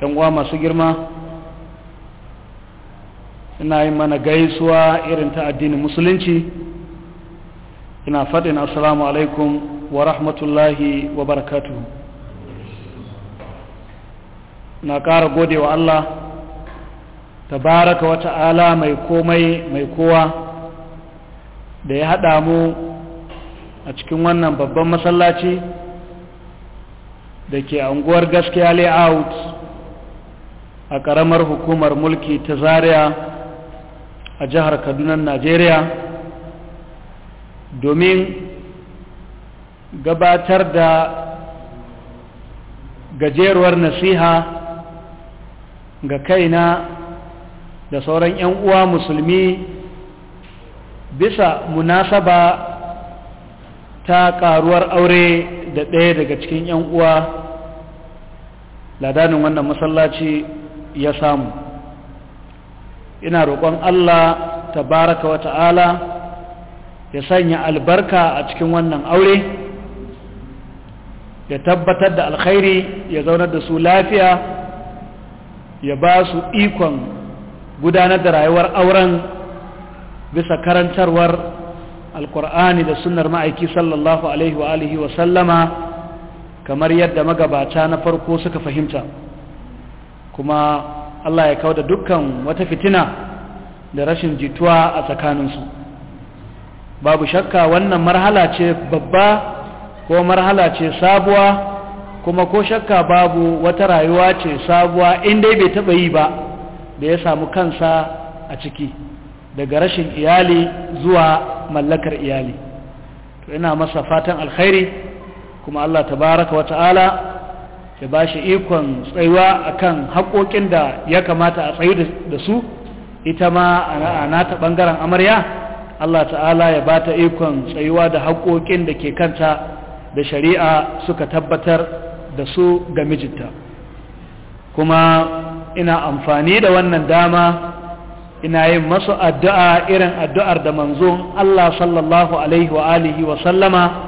yan uwa masu girma ina yi mana gaisuwa irin ta addinin musulunci ina faɗin assalamu alaikum wa rahmatullahi wa barakatu na ƙara gode wa Allah tabaraka wata ala mai komai mai kowa da ya haɗa mu a cikin wannan babban masallaci da ke unguwar gaskiya layout a ƙaramar hukumar mulki ta Zariya a jihar kaduna najeriya domin gabatar da gajeruwar nasiha ga kaina da sauran 'yan uwa musulmi bisa munasaba ta karuwar aure da ɗaya daga cikin 'yan uwa ladanin wannan masallaci ya samu ina roƙon Allah tabaraka wa ta'ala ya sanya albarka a cikin wannan aure ya tabbatar da alkhairi ya zaunar da su lafiya ya ba su ikon gudanar da rayuwar auren bisa karantarwar alkur'ani da sunnar ma'aiki sallallahu alaihi wa sallama kamar yadda magabata na farko suka fahimta kuma Allah ya kawo da dukkan wata fitina da rashin jituwa a tsakaninsu babu shakka wannan marhala ce babba ko marhala ce sabuwa kuma ko shakka babu wata rayuwa ce sabuwa in dai bai taɓa yi ba da ya samu kansa a ciki daga rashin iyali zuwa mallakar iyali to ina masa fatan alkhairi kuma Allah tabaraka wa ta'ala ya ba shi ikon tsayuwa a kan haƙoƙin da ya kamata a tsayu da su ita ma a nata ɓangaren amarya Allah ta'ala ya ba ta ikon tsayuwa da haƙoƙin da ke kanta da shari'a suka tabbatar da su ga mijinta kuma ina amfani da wannan dama ina yin masu addu'a irin addu'ar da manzon Allah sallallahu alaihi wa alihi wa sallama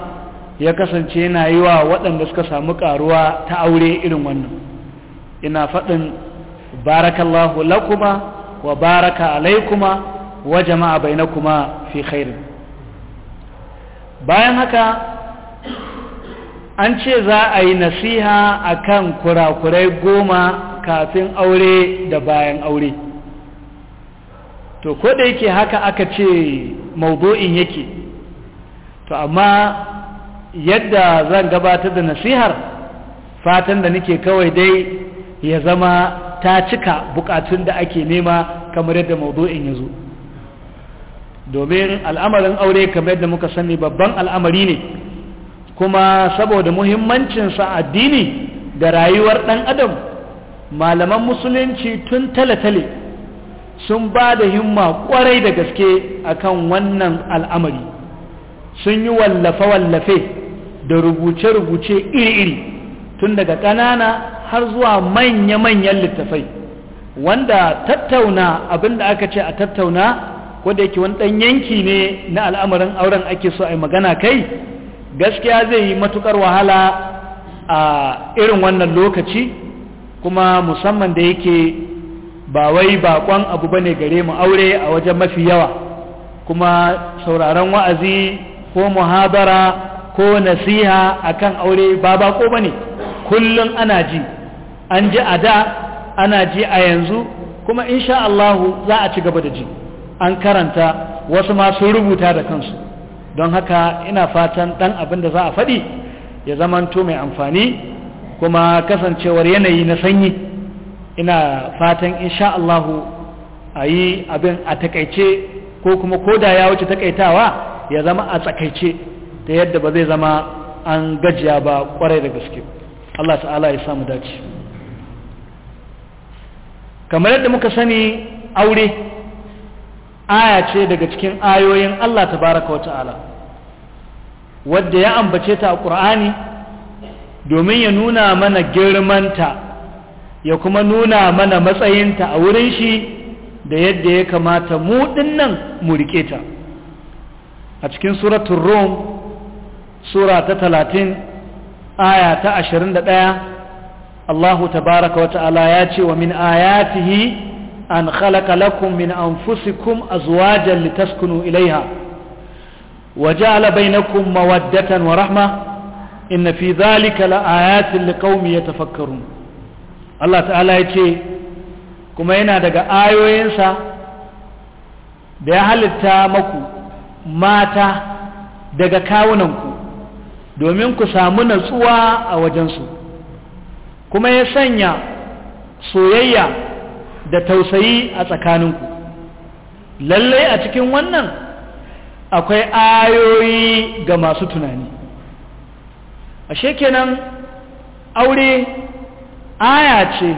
ya kasance yana yi wa waɗanda suka samu ƙaruwa ta aure irin wannan ina faɗin barakallahu lakuma wa baraka alaikuma wa jama'a bainakuma fi khairin bayan haka an ce za a yi nasiha akan kurakurai goma kafin aure da bayan aure to ko da yake haka aka ce maudu'in yake to amma yadda zan gabatar da nasihar fatan da nake kawai dai ya zama ta cika bukatun da ake nema kamar yadda maudu'in ya zo domin al'amarin aure kamar yadda muka sani babban al'amari ne kuma saboda muhimmancinsa addini da rayuwar ɗan adam malaman musulunci tun talatale sun ba da himma kwarai da gaske akan wannan al'amari sun yi wallafe-wallafe da rubuce-rubuce iri-iri tun daga ƙanana har zuwa manya-manyan littafai wanda tattauna abin da aka ce a tattauna wadda yake wani ɗan yanki ne na al'amarin auren ake so a magana kai gaskiya zai yi matukar wahala a irin wannan lokaci kuma musamman da yake ba wai bakon abu bane gare mu aure a wajen mafi yawa kuma sauraron wa'azi ko muhabara ko nasiha akan aure ba ko bane kullum ana ji an ji a da ana ji a yanzu kuma insha Allahu za a ci gaba da ji an karanta wasu ma su rubuta da kansu don haka ina fatan dan abin da za a faɗi ya zamanto mai amfani kuma kasancewar yanayi na sanyi ina fatan insha Allah a yi abin a takaice ko kuma koda ya wuce takaitawa ya zama a tsakaice ta yadda ba zai zama an gajiya ba kwarai da gaske Allah ta'ala ya samu dace kamar yadda muka sani aure aya ce daga cikin ayoyin Allah ta wa ta'ala wadda ya ambace ta a ƙur'ani domin ya nuna mana girmanta ya kuma nuna mana matsayinta a wurin shi da yadda ya kamata mu ɗin nan mu riƙe ta a cikin suratun rum sura ta talatin aya ta ashirin da ɗaya allahu tabaraka wata'ala ya ce wa min ayatihi an khalaqa lakum min anfusikum azwajan litaskunu ilaiha wa ja'ala bainakum mawaddatan wa rahma inna fi dhalika laayatin liqaumin yatafakkarun Allah ta'ala ya ce kuma yana daga ayoyinsa da ya halitta maku mata daga kawunanku domin ku samu natsuwa a wajensu kuma ya sanya soyayya da tausayi a tsakaninku lallai a cikin wannan akwai ayoyi ga masu tunani ashe kenan aure aya ce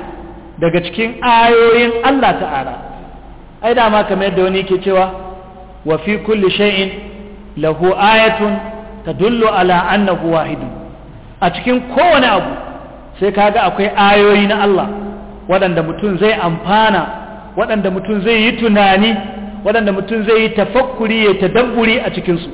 daga cikin ayoyin Allah ta'ala ai dama kamar yadda wani ke cewa wa fi kulli shay'in lahu ayatun tadullu ala annahu wahidu a cikin kowane abu sai kaga akwai ayoyi na Allah waɗanda mutum zai amfana waɗanda mutum zai yi tunani waɗanda mutum zai yi tafakkuri ya tadabburi a cikinsu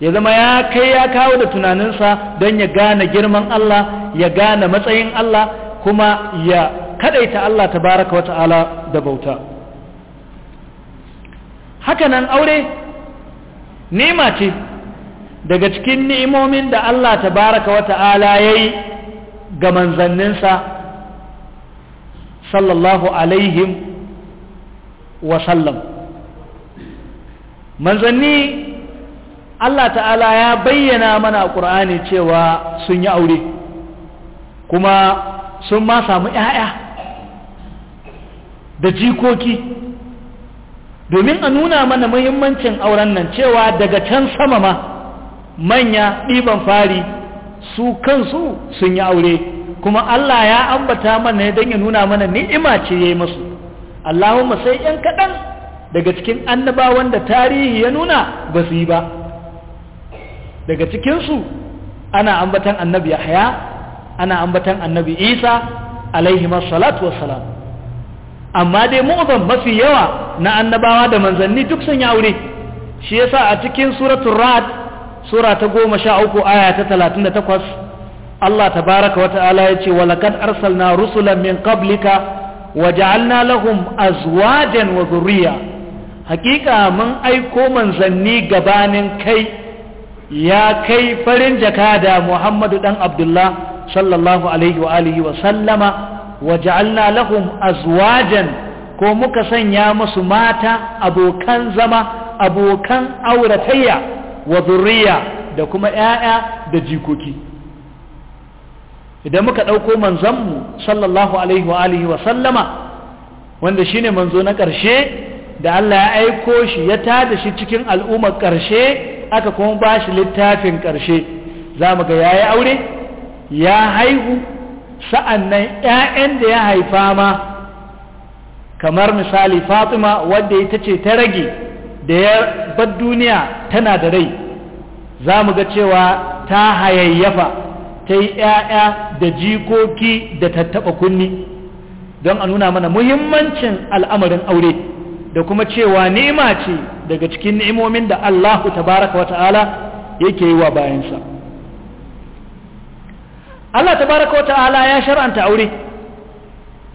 ya zama ya kai ya kawo da tunaninsa don ya gane girman Allah ya gane matsayin Allah kuma ya kadaita Allah tabaraka wa ta'ala da bauta hakanan aure nema ce daga cikin ni'imomin da Allah tabaraka wa ta'ala yayi ga manzanninsa sallallahu alaihim wa sallam manzanni Allah ta'ala ya bayyana mana a ƙur'ani cewa sun yi aure kuma sun ma samu ‘ya'ya da jikoki domin a nuna mana muhimmancin auren nan cewa daga can sama ma manya ɗiban fari su kansu sun yi aure kuma Allah ya ambata mana don ya nuna mana ni'ima ce ya yi masu Allahumma sai ‘yan kaɗan daga cikin annabawan da tarihi ya nuna ba su yi ba daga cikinsu ana ambatan annabi Yahya ana ambatan annabi Isa alaihi salatu wassalam amma dai mu'uzan mafi yawa na annabawa da manzanni duk sun yi aure shi yasa a cikin suratul ra'd sura ta goma sha uku aya ta talatin da takwas Allah tabaraka wa ta'ala ya ce walakad arsalna rusulan min qablika wa ja'alna lahum azwajan wa dhurriya hakika mun aiko manzanni gabanin kai ya kai farin jakada Muhammadu dan Abdullah sallallahu alaihi wa alihi wa sallama wa ja'alna lahum azwajan ko muka sanya musu mata abokan zama abokan auratayya wa zurriya da kuma ‘ya'ya da jikoki idan muka ɗauko manzanmu sallallahu alaihi wa wa sallama wanda shine manzo na ƙarshe da Allah ya aiko shi ya tada shi cikin al'ummar ƙarshe aka kuma ba shi littafin ƙarshe za mu ga ya yi aure ya haihu sa'annan ‘ya'yan da ya haifa ma kamar misali fatima wanda ita ce ta rage da ya bar duniya tana da rai za mu ga cewa ta hayayyafa ta yi ‘ya'ya da jikoki da tattaɓa kunni don a nuna mana muhimmancin al'amarin aure da kuma cewa ni'ima ce daga cikin ni'imomin da Allahu tabaraka wa ta'ala yake yi wa bayansa Allah tabaraka wa ta'ala ya shar'anta aure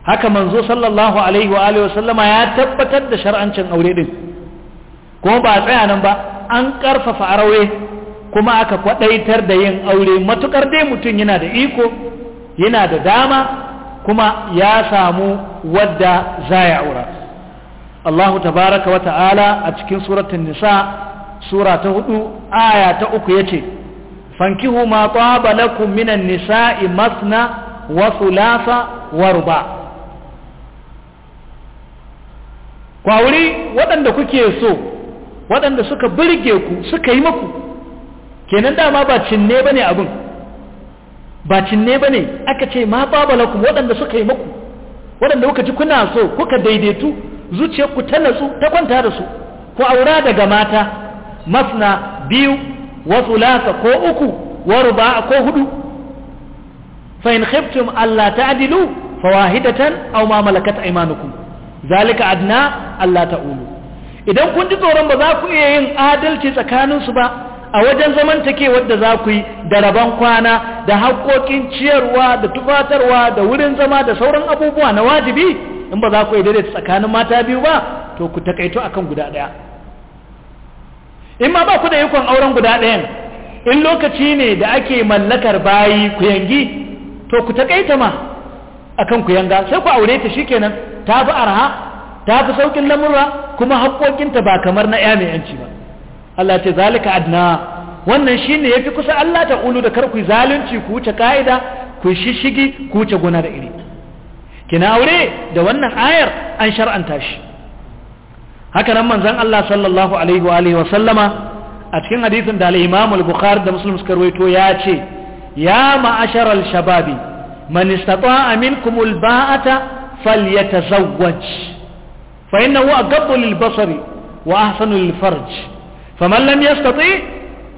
haka manzo sallallahu alaihi wa wa sallama ya tabbatar da shar'ancin aure ɗin. kuma ba a tsaya nan ba an ƙarfafa arawe kuma aka kwaɗaitar da yin aure matuƙar dai mutum yana da iko yana da dama kuma ya samu wadda za ya aura Allah tabaraka wa ta'ala a cikin suratun nisa sura ta hudu aya ta uku ya ce fankihu ma tsaba lakum minan nisa'i masna wa thulatha wa ruba kwauri waɗanda kuke so waɗanda suka birge ku suka yi maku kenan dama ba cinne ba ne abin ba cinne ba ne aka ce ma babalakum waɗanda suka yi maku waɗanda kuka ji kuna so kuka daidaitu ku ta natsu ta kwanta da su ku aura daga mata masna biyu wasu lasa ko uku wa ruba ko hudu fa in khiftum alla ta'dilu fawahidatan aw ma malakat aymanukum zalika adna alla ta'ulu idan kun ji tsoron ba za ku iya yin adalci tsakaninsu ba a wajen zaman take da za ku yi da rabon kwana da haƙoƙin ciyarwa da tufatarwa da wurin zama da sauran abubuwa na wajibi in ba za ku iya daidaita tsakanin mata biyu ba to ku takaito akan guda ɗaya in ma ba ku da ikon auren guda ɗayan in lokaci ne da ake mallakar bayi ku yangi to ku takaita ma akan ku yanga sai ku aure ta shikenan ta fi arha ta fi saukin lamurra kuma haƙoƙinta ba kamar na ya mai yanci ba Allah ce zalika adna wannan shi ya yafi kusa Allah ta ulu da karku zalunci ku wuce ka'ida ku shishigi ku wuce gona da iri kina aure da wannan ayar an shar'anta shi haka nan manzon Allah sallallahu alaihi wa alihi wa sallama a cikin hadisin da al-Imam al-Bukhari da Muslim suka rawaito ya ce ya ma'ashar al-shababi man istata'a minkum al-ba'ata falyatazawwaj فإنه أقب للبصر وأحسن للفرج فمن لم يستطيع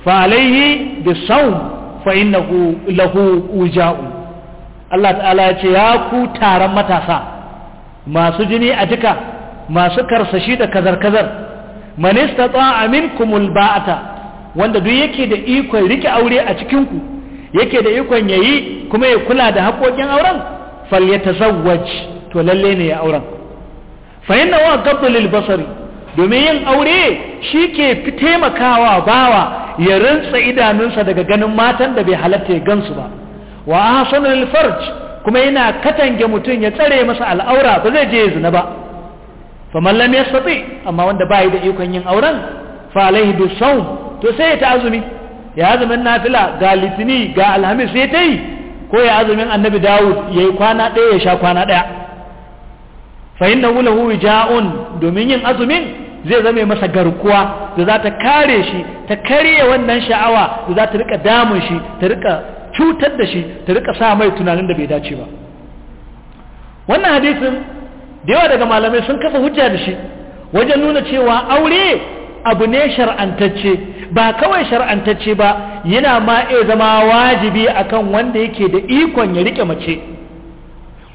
فعليه بالصوم فإنه له وجاء Allah ta'ala ya ce ya ku taron matasa masu jini a jika masu karsashi da kazar-kazar manista tsa'a minkumul ba'ata wanda duk yake da ikon rike aure a cikinku yake da ikon yayi kuma ya kula da haƙoƙin auren fal ya to lalle ne ya auren fa wa aqaddu basari domin yin aure shi ke fi taimakawa bawa ya rantsa idanunsa daga ganin matan da bai halatta ya gansu ba wa ahsanul alfarj kuma yana katange mutum ya tsare masa al'aura ba zai je zina ba fa man ya sabi amma wanda ba yi da ikon yin auren fa alaihi bi sawm to sai ta azumi ya azumin nafila ga litini ga alhamis sai ta yi ko ya azumin annabi dawud ya yi kwana ɗaya ya sha kwana ɗaya fahimta wula huwi ja'un domin yin azumin zai zame masa garkuwa da za ta kare shi ta karye wannan sha'awa da za ta rika damun shi ta rika cutar da shi ta rika sa mai tunanin da bai dace ba wannan hadisin da yawa daga malamai sun kafa hujja da shi wajen nuna cewa aure abu ne shar'antacce ba kawai shar'antacce ba yana ma iya zama wajibi akan wanda yake da ikon ya rike mace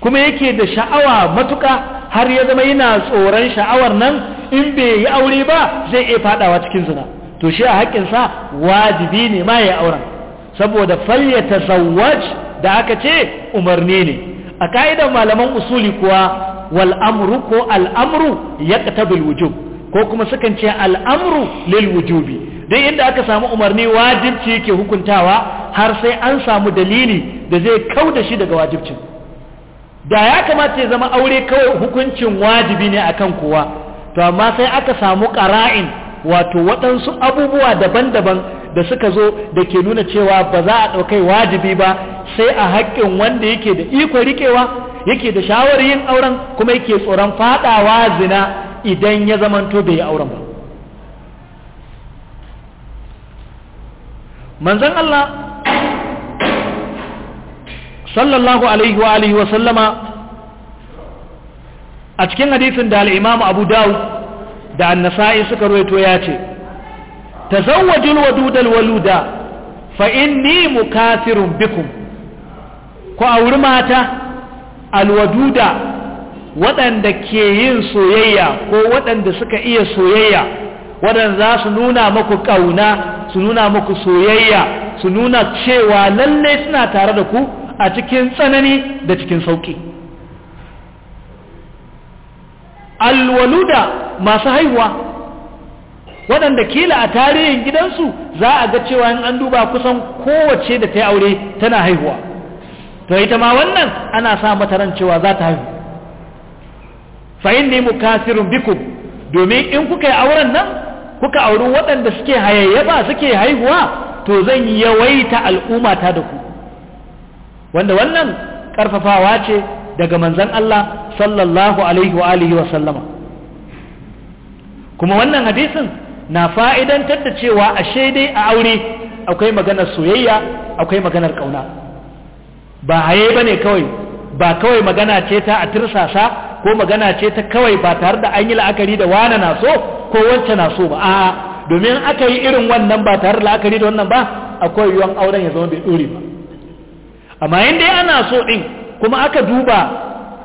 kuma yake da sha'awa matuƙa har ya zama yana tsoron sha'awar nan in bai yi aure ba zai iya faɗawa cikin zina to shi a haƙƙinsa wajibi ne ma ya auren saboda falyata zawaj da aka ce umarni ne a ka'idar malaman usuli kuwa wal amru ko al'amru yaqtabil wujub ko kuma sukan ce al'amru lil wujubi duk inda aka samu umarni wajibci yake hukuntawa har sai an samu dalili da zai kau da shi daga wajibcin da ya kamata ya zama aure kawai hukuncin wajibi ne akan kowa to amma sai aka samu qara'in wato waɗansu abubuwa daban-daban da suka zo da ke nuna cewa ba za a ɗaukai wajibi ba sai a haƙƙin wanda yake da iko riƙewa yake da shawar yin auren kuma yake tsoron faɗawa zina idan ya zamanto bai yi auren ba manzon Allah sallallahu alaihi wa alihi wa sallama a cikin hadisin da al Abu Dawud da Annasa'i suka rawaito ya ce ta zawajin al-waluda fa inni mukathirun bikum Ku auri mata alwaduda, waɗanda ke yin soyayya ko waɗanda suka iya soyayya waɗanda za su nuna maku ƙauna su nuna muku soyayya su nuna cewa lallai suna tare da ku a cikin tsanani da cikin sauki alwaluda masu haihuwa waɗanda kila a tarihin gidansu za a ga cewa in an duba kusan kowace da ta yi aure tana haihuwa to ita ma wannan ana sa mata ran cewa za ta haihu fa'in ne mukasirun biku domin in kuka yi auren nan kuka auri waɗanda suke hayayyafa suke haihuwa to zan yawaita al'ummata da ku wanda wannan karfafawa ce daga manzon Allah sallallahu alaihi wa alihi wa kuma wannan hadisin na fa'idantar da cewa ashe dai a aure akwai maganar soyayya akwai maganar kauna ba haye bane kawai ba kawai magana ce ta a tirsasa ko magana ce ta kawai ba tare da an yi la'akari da wane na so ko wacce na so ba a domin aka yi irin wannan ba tare da la'akari da wannan ba akwai yiwuwan auren ya zama bai ɗore ba amma yanda ana so din kuma aka duba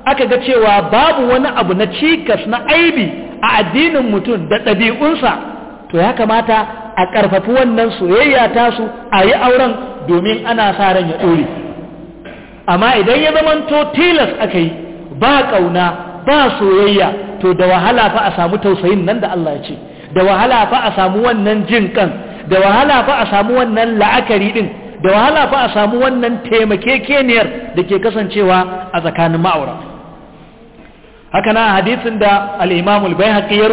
aka ga cewa babu wani abu na cikas na aibi a addinin mutum da ɗabi'unsa to ya kamata a ƙarfafi wannan soyayya ta su a yi auren domin ana sa ran ya ɗore amma idan ya zamanto tilas aka yi ba ƙauna ba soyayya to da wahala fa a samu tausayin nan da Allah ya ce da wahala fa a samu wannan jin kan da wahala fa a samu wannan la'akari din da wahala fa a samu wannan taimakekeniyar da ke kasancewa a tsakanin ma'aura haka na hadisin da al bai al-Baihaqi ya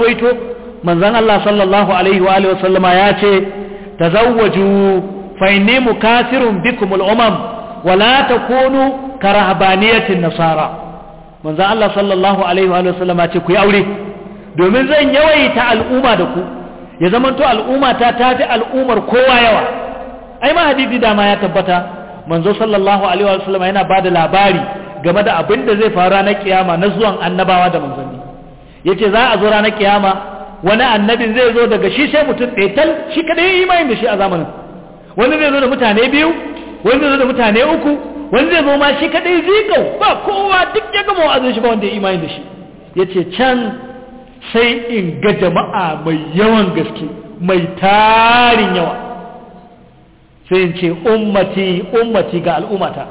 Allah sallallahu alaihi wa sallama ya ce tazawwaju fa inni mukathirun bikum al-umam wa la takunu karahbaniyatin nasara Manzan Allah sallallahu alaihi wa sallama ce ku yi aure domin zan yawaita al'umma da ku ya zamanto al'umma ta tafi al'ummar kowa yawa ai ma hadisi dama ya tabbata manzo sallallahu alaihi wasallam yana bada labari game da abin da zai faru ranar kiyama na zuwan annabawa da manzanni yace za a zo ranar kiyama wani annabin zai zo daga shi sai mutum ɗaital shi kadai imani da shi a zamanin wani zai zo da mutane biyu wani zai zo da mutane uku wani zai zo ma shi kadai zikau ba kowa duk ya gama wa'azin shi ba wanda ya imani da shi yace can sai in ga jama'a mai yawan gaske mai tarin yawa sai in ce ummati ummati ga al'ummata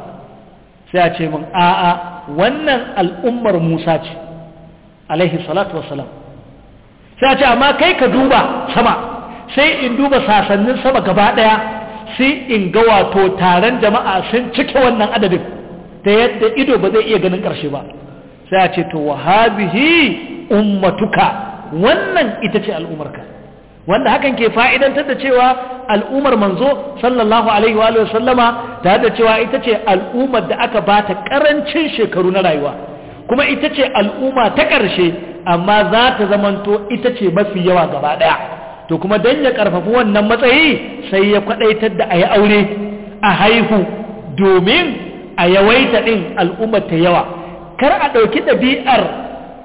sai a ce min a'a wannan al'ummar Musa ce alaihi salatu wassalam sai a ce amma kai ka duba sama sai in duba sasannin sama gaba daya sai in ga wato taron jama'a sun cike wannan adadin ta yadda ido ba zai iya ganin ƙarshe ba sai a ce to wahabihi ummatuka wannan ita ce al'ummarka wanda hakan ke fa'idantar da cewa al'ummar manzo sallallahu alaihi wa sallama ta da cewa ita ce al'ummar da aka ba ta ƙarancin shekaru na rayuwa kuma ita ce al'umma ta ƙarshe amma za ta zamanto ita ce mafi yawa gaba ɗaya to kuma don ya ƙarfafi wannan matsayi sai ya kwaɗaitar da a yi aure a haihu domin a yawaita ɗin al'ummar ta yawa kar a ɗauki ɗabi'ar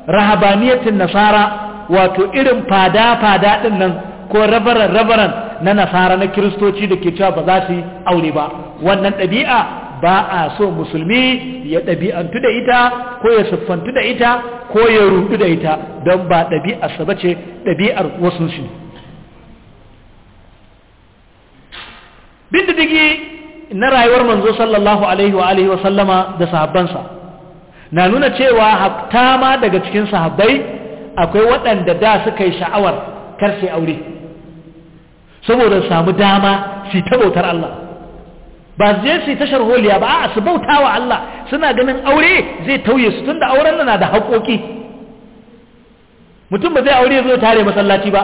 rahabaniyatin nasara wato irin fada-fada ɗin nan ko rabaran rabaran na nasara na kiristoci da ke cewa ba za su yi aure ba wannan ɗabi'a ba a so musulmi ya ɗabi'antu da ita ko ya siffantu da ita ko ya rudu da ita don ba ɗabi'arsa ba ce ɗabi'ar wasu shi bin na rayuwar manzo sallallahu alaihi wa alihi wa sallama da sahabbansa na nuna cewa hatta ma daga cikin sahabbai akwai waɗanda da suka yi sha'awar kar aure saboda samu dama su ta bautar Allah ba je su tashar holiya ba a su bauta wa Allah suna ganin aure zai tauye su tun da auren na da haƙoƙi mutum ba zai aure zai tare masallaci ba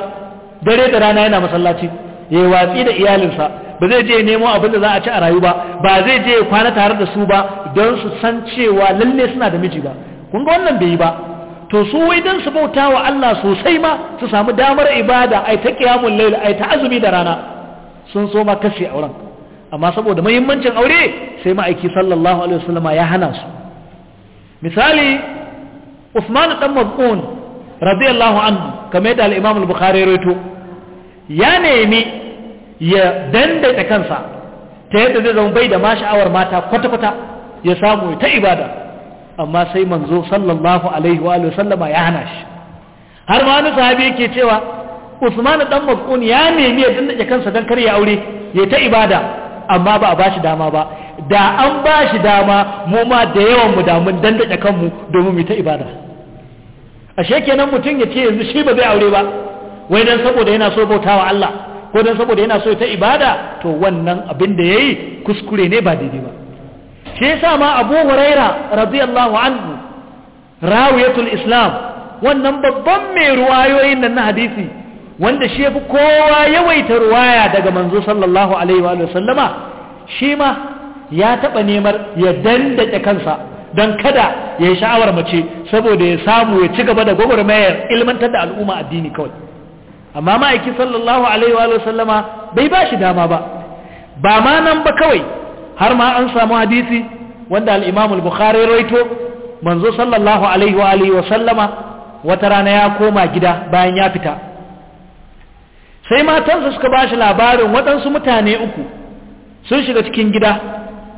dare da rana yana masallaci ya yi watsi da iyalinsa ba zai je nemo abin da za a ci a rayu ba ba zai je kwana tare da su ba don su san cewa lalle suna da miji ba kun ga wannan bai yi ba to su wai dan su bauta wa Allah sosai ma su samu damar ibada aita ta laila aita ta azumi da rana sun so ma kashe auren amma saboda muhimmancin aure sai ma'aiki sallallahu alaihi wasallama ya hana su misali Usman dan Maz'un radiyallahu anhu kamar da al-Imam al-Bukhari rawaito ya nemi ya dandaita kansa ta yadda zai zama bai da masha'awar mata kwata-kwata ya samu ta ibada amma sai manzo sallallahu alaihi wa sallama ya hana shi har ma wani sahabi yake cewa Usman dan Mas'un ya nemi ya dinda kansa dan kar aure ya ta ibada amma ba a bashi dama ba da an bashi dama mu ma da yawan mu da mun kanmu domin mu ta ibada ashe kenan mutum ya ce yanzu shi ba zai aure ba wai dan saboda yana so bautawa Allah ko dan saboda yana so ta ibada to wannan abin da yayi kuskure ne ba daidai ba shi yasa ma abu huraira radiyallahu anhu rawiyatul islam wannan babban mai ruwayoyin nan na hadisi wanda shi yafi kowa yawaita ruwaya daga manzo sallallahu alaihi wa sallama shi ma ya taɓa neman ya dandace kansa don kada ya yi sha'awar mace saboda ya samu ya ci gaba da gwagwarmayar ilmantar da al'umma addini kawai amma ma'aiki sallallahu alaihi wa sallama bai ba shi dama ba ba ma nan ba kawai har ma an samu hadisi wanda al-Imam al-Bukhari raito, manzo sallallahu alaihi wa alihi wa sallama wata rana ya koma gida bayan ya fita sai matansa suka bashi labarin waɗansu mutane uku sun shiga cikin gida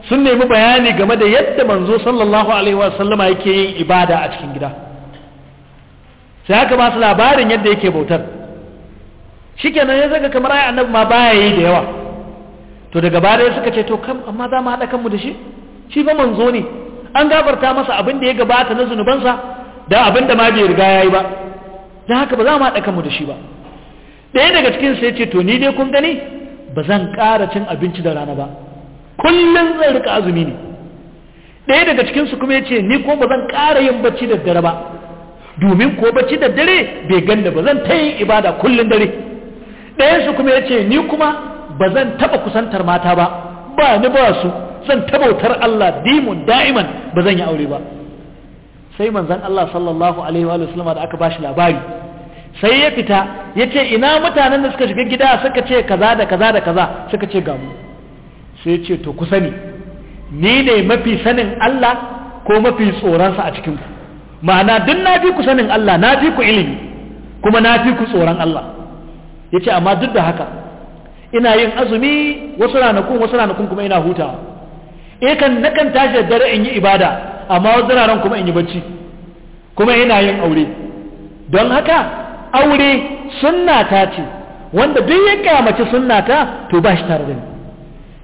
sun nemi bayani game da yadda manzo sallallahu alaihi wa sallama yake yin ibada a cikin gida sai haka ba su labarin yadda yake bautar shikenan ya zaga kamar ai annabi ma baya yi da yawa to daga baya suka ce to kam amma za mu haɗa kanmu da shi shi ba manzo ne an gafarta masa abin da ya gabata na zunubansa da abin da ma bai riga ya yi ba da haka ba za mu haɗa kanmu da shi ba ɗaya daga cikin sai ce to ni dai kun gani ba zan ƙara cin abinci da rana ba kullum zan rika azumi ne ɗaya daga cikinsu kuma ya ce ni ko ba zan ƙara yin bacci da dare ba domin ko bacci da dare bai ganda ba zan ta yin ibada kullum dare su kuma ya ce ni kuma ba zan taɓa kusantar mata ba ba ni ba su zan tabautar Allah dimun da'iman ba zan yi aure ba sai manzon Allah sallallahu alaihi wa sallama da aka shi labari sai ya fita ya ce ina mutanen da suka shiga gida suka ce kaza da kaza da kaza suka ce gamu sai ya ce to ku sani ni ne mafi sanin Allah ko mafi tsoronsa a cikinku ma'ana duk na fi ku sanin Allah na fi ku ilimi kuma na fi ku tsoron Allah ya ce amma duk da haka ina yin azumi wasu ranakun wasu ranakun kuma ina hutawa eh kan nakan tashi da dare in yi ibada amma wasu ranakun kuma in yi bacci kuma ina yin aure don haka aure sunna ta ce wanda duk ya kyamaci sunna ta to ba shi tare da ni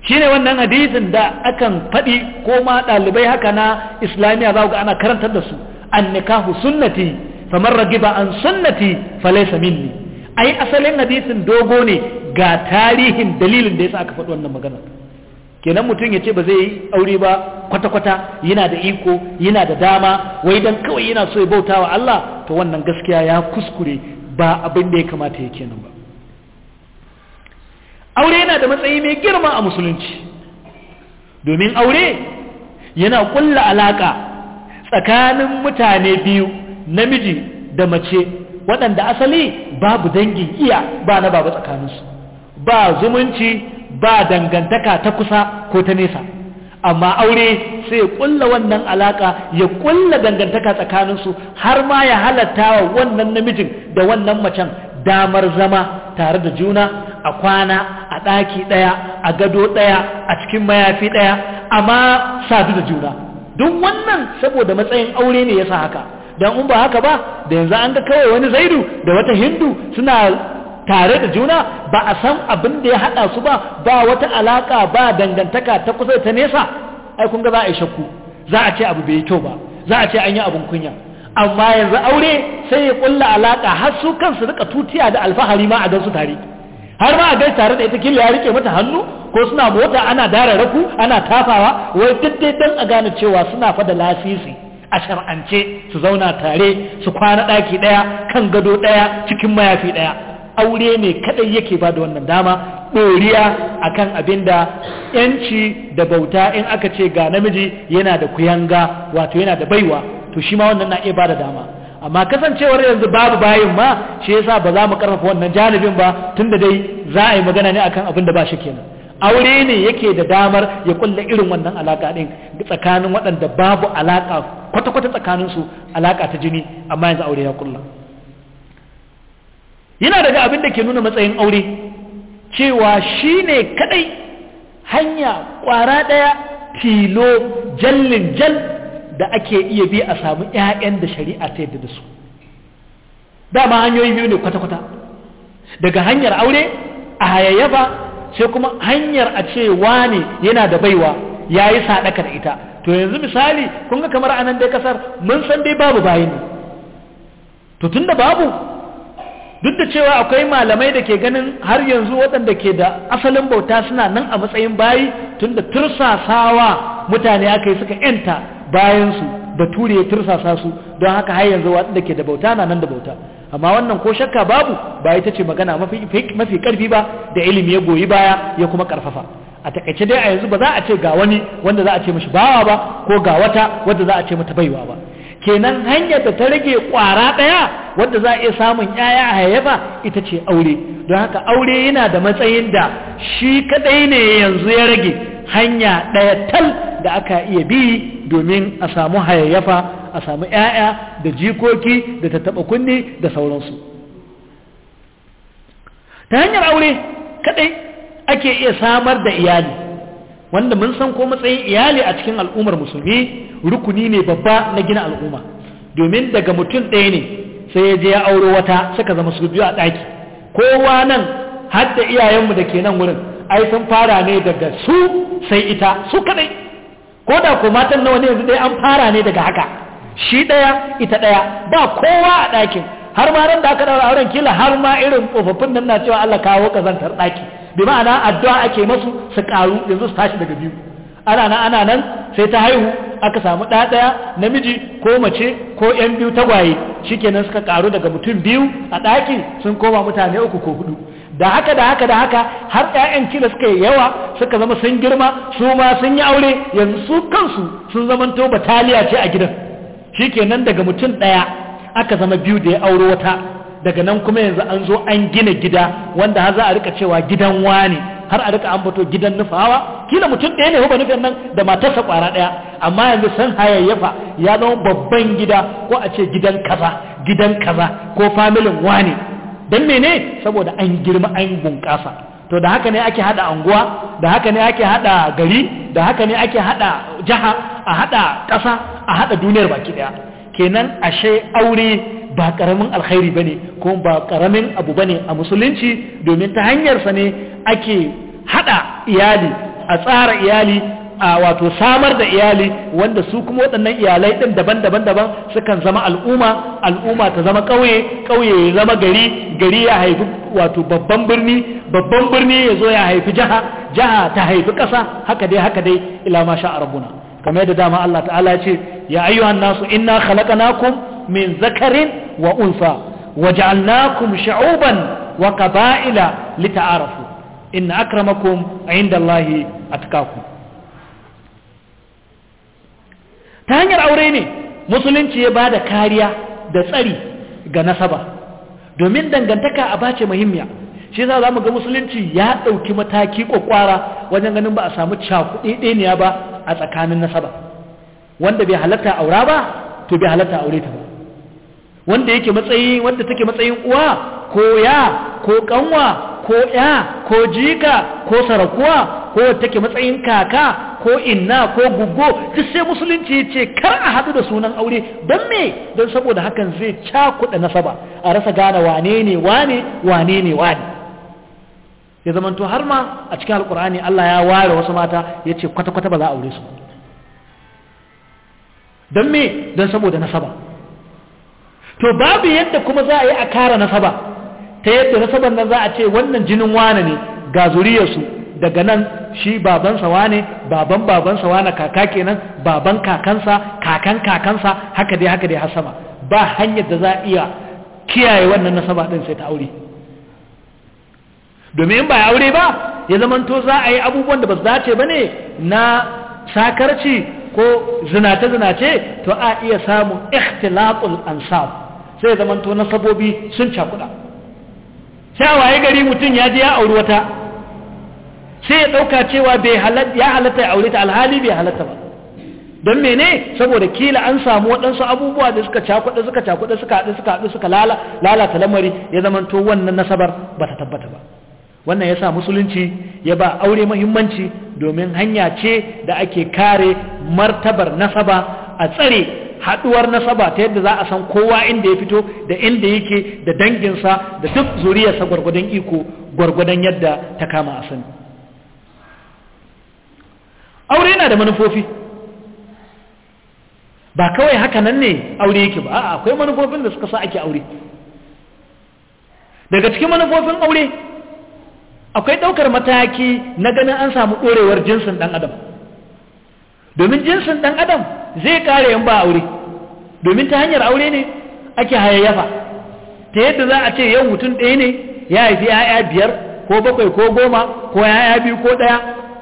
shine wannan hadisin da akan faɗi ko ma ɗalibai haka na islamiyya za ga ana karantar da su an nikahu sunnati famar ragiba an sunnati falaysa minni ai asalin hadisin dogo ne ga tarihin dalilin da ya sa aka faɗi wannan magana kenan mutum ya ce ba zai yi aure ba kwata-kwata yana da iko yana da dama wai dan kawai yana so ya bauta wa Allah to wannan gaskiya ya kuskure ba abin da ya kamata ya kenan ba aure yana da matsayi mai girma a musulunci domin aure yana kulla alaka tsakanin mutane biyu namiji da mace waɗanda asali babu dangin iya ba na babu tsakaninsu ba zumunci ba dangantaka ta kusa ko ta nesa amma aure sai ya kulla wannan alaka ya kulla dangantaka tsakaninsu har ma ya halatta wa wannan namijin da wannan macen damar zama tare da juna a kwana a ɗaki ɗaya a gado ɗaya a cikin mayafi ɗaya amma sadu da juna duk wannan saboda matsayin aure ne yasa haka don in ba haka ba da yanzu an ga kawai wani zaidu da wata hindu suna tare da juna ba a san abin da ya haɗa su ba ba wata alaƙa ba dangantaka ta kusa ta nesa ai kun ga za a yi shakku za a ce abu bai kyau ba za a ce an yi abun kunya amma yanzu aure sai ya kulla alaƙa har su kansu rika tutiya da alfahari ma a gansu tare har ma a gai tare da ita killa ya rike mata hannu ko suna mota ana dara raku ana tafawa wai duk dai dan a gane cewa suna fa da lasisi a shar'ance su zauna tare su kwana ɗaki ɗaya kan gado ɗaya cikin mayafi ɗaya aure ne kadai yake ba da wannan dama ɗoriya kan abin da yanci da bauta in aka ce ga namiji yana da kuyanga wato yana da baiwa to shi ma wannan na iya ba da dama amma kasancewar yanzu babu bayin ma shi yasa ba za mu karfafa wannan janibin ba tun da dai za a yi magana ne akan abin da ba shi kenan aure ne yake da damar ya kulle irin wannan alaka din tsakanin waɗanda babu alaka kwata-kwata tsakaninsu alaka ta jini amma yanzu aure ya kulla yana daga abin da ke nuna matsayin aure cewa shi ne kadai hanya kwara ɗaya tilo jallin jal da ake iya bi a samu 'ya'yan da shari'a ta yadda da su dama hanyoyi biyu ne kwata-kwata daga hanyar aure a hayayyafa sai kuma hanyar a ce wane yana da baiwa ya yi saɗaka da ita to yanzu misali kun ga kamar anan dai kasar mun san dai babu bayi ne to tunda babu duk da cewa akwai malamai da ke ganin har yanzu waɗanda ke da asalin bauta suna nan a matsayin bayi tunda tursasawa mutane aka yi suka yanta bayansu da ture ya tursasa su don haka har yanzu waɗanda ke da bauta na nan da bauta amma wannan ko shakka babu ba ta ce magana mafi karfi ba da ilimi ya goyi baya ya kuma karfafa a takaice dai a yanzu ba za a ce ga wani wanda za a ce mashi bawa ba ko ga wata wanda za a ce mata baiwa ba kenan hanyar da ta rage kwara ɗaya wadda za a iya samun ƴaƴa a hayyafa ita ce aure don haka aure yana da matsayin da shi kaɗai ne yanzu ya rage hanya ɗaya tal da aka iya bi domin a samu hayayyafa a samu ƴaƴa da jikoki da ta taɓa kunne da sauransu ta hanyar aure kaɗai ake iya samar da iyali wanda mun san ko matsayin iyali a cikin al'ummar musulmi rukuni ne babba na gina al'umma domin daga mutum ɗaya ne sai ya je ya auro wata suka zama su biyu a ɗaki kowa nan har iyayenmu da ke nan wurin ai sun fara ne daga su sai ita su kaɗai ko da ko matan nawa ne yanzu ɗaya an fara ne daga haka shi ɗaya ita ɗaya ba kowa a ɗakin har ma ran da aka ɗaura auren kila har ma irin tsofaffin nan na cewa Allah kawo kazantar ɗaki bi ma'ana addu'a ake masu su ƙaru yanzu su tashi daga biyu ana nan ana nan sai ta haihu aka samu ɗaya ɗaya namiji ko mace ko yan biyu tagwaye shikenan suka karu daga mutum biyu a ɗaki sun koma mutane uku ko hudu da haka da haka da haka har ƴaƴan kila suka yi yawa suka zama sun girma su ma sun yi aure yanzu su kansu sun zama to bataliya ce a gidan shikenan daga mutum ɗaya aka zama biyu da ya aure wata daga nan kuma yanzu an zo an gina gida wanda har za a rika cewa gidan wani har a rika ambato gidan nufawa kila mutum ɗaya ne ba nufin nan da matarsa ƙwara ɗaya amma yanzu san hayayyafa ya zama babban gida ko a ce gidan kaza gidan kaza ko familin wani. don mene saboda an girma an bunƙasa to da haka ne ake hada anguwa da haka ne ake hada gari da haka ne ake hada jaha a hada ƙasa a hada duniyar baki ɗaya kenan ashe aure ba karamin alkhairi bane kuma ba karamin abu bane a musulunci domin ta hanyarsa ne ake hada iyali a tsara iyali a wato samar da iyali wanda su kuma waɗannan iyalai ɗin daban-daban daban sukan zama al'umma al'umma ta zama ƙauye ƙauye ya zama gari gari ya haifi wato babban birni babban birni ya zo ya haifi jaha jaha ta haifi ƙasa haka dai haka dai ila ma sha rabbuna kamar yadda dama Allah ta'ala ce ya ayyuhan nasu inna khalaqnakum من ذكر وأنثى وجعلناكم شعوبا وقبائل لتعارفوا إن أكرمكم عند الله أتكاكم ta hanyar aure ne musulunci ya ba da kariya da tsari ga nasaba domin dangantaka a bace muhimmiya shi za zamu ga musulunci ya ɗauki mataki kokwara wajen ganin ba a samu cakuɗe ba a tsakanin nasaba wanda bai halatta aura ba to bai halatta aure ta ba wanda yake matsayi wanda take matsayin uwa ko ya ko kanwa ko ya ko jika ko sarakuwa ko take matsayin kaka ko inna ko guggo duk sai musulunci yace kar a hadu da sunan aure don me don saboda hakan zai cakuɗa nasaba a rasa gane wane ne wane wane ne wane ya zamanto har ma a cikin alkur'ani Allah ya ware wasu mata ya ce kwata-kwata ba za a aure su don me don saboda nasaba to babu yadda kuma za a yi a kara nasaba ta yadda nasabar nan za a ce wannan jinin wane ne ga zuriyarsu daga nan shi babansa wane baban babansa wane kaka kenan baban kakansa kakan kakansa haka dai haka dai har sama ba hanyar da za a iya kiyaye wannan nasaba din sai ta aure domin in ba ya aure ba ya zamanto za a yi abubuwan da ba su dace ba ne na sakarci ko zinace-zinace to a iya samun ikhtilatul ansab sai zamanto nasabobi sun cakuda sai waye gari mutum ya je ya auri wata sai ya ɗauka cewa ya halatta ya aure ta alhali bai halatta ba don mene saboda kila an samu waɗansu abubuwa da suka cakuɗa suka cakuɗa suka haɗu suka haɗu suka lalata lamari ya zamanto wannan nasabar ba ta tabbata ba wannan ya sa musulunci ya ba aure muhimmanci domin hanya ce da ake kare martabar nasaba a tsare haduwar nasaba ta yadda za a san kowa inda ya fito da inda yake da danginsa da duk zuriyarsa gwargwadon iko gwargwadon yadda ta kama a sani aure yana da manufofi ba kawai haka nan ne aure yake ba akwai manufofin da suka sa ake aure daga cikin manufofin aure akwai ɗaukar mataki na ganin an samu ɗorewar jinsin ɗan adam domin jinsin ɗan adam zai ƙare yan ba aure domin ta hanyar aure ne ake hayayyafa ta yadda za a ce yau mutum ɗaya ne ya haifi ya'ya biyar ko bakwai ko goma ko ya'ya biyu ko ɗaya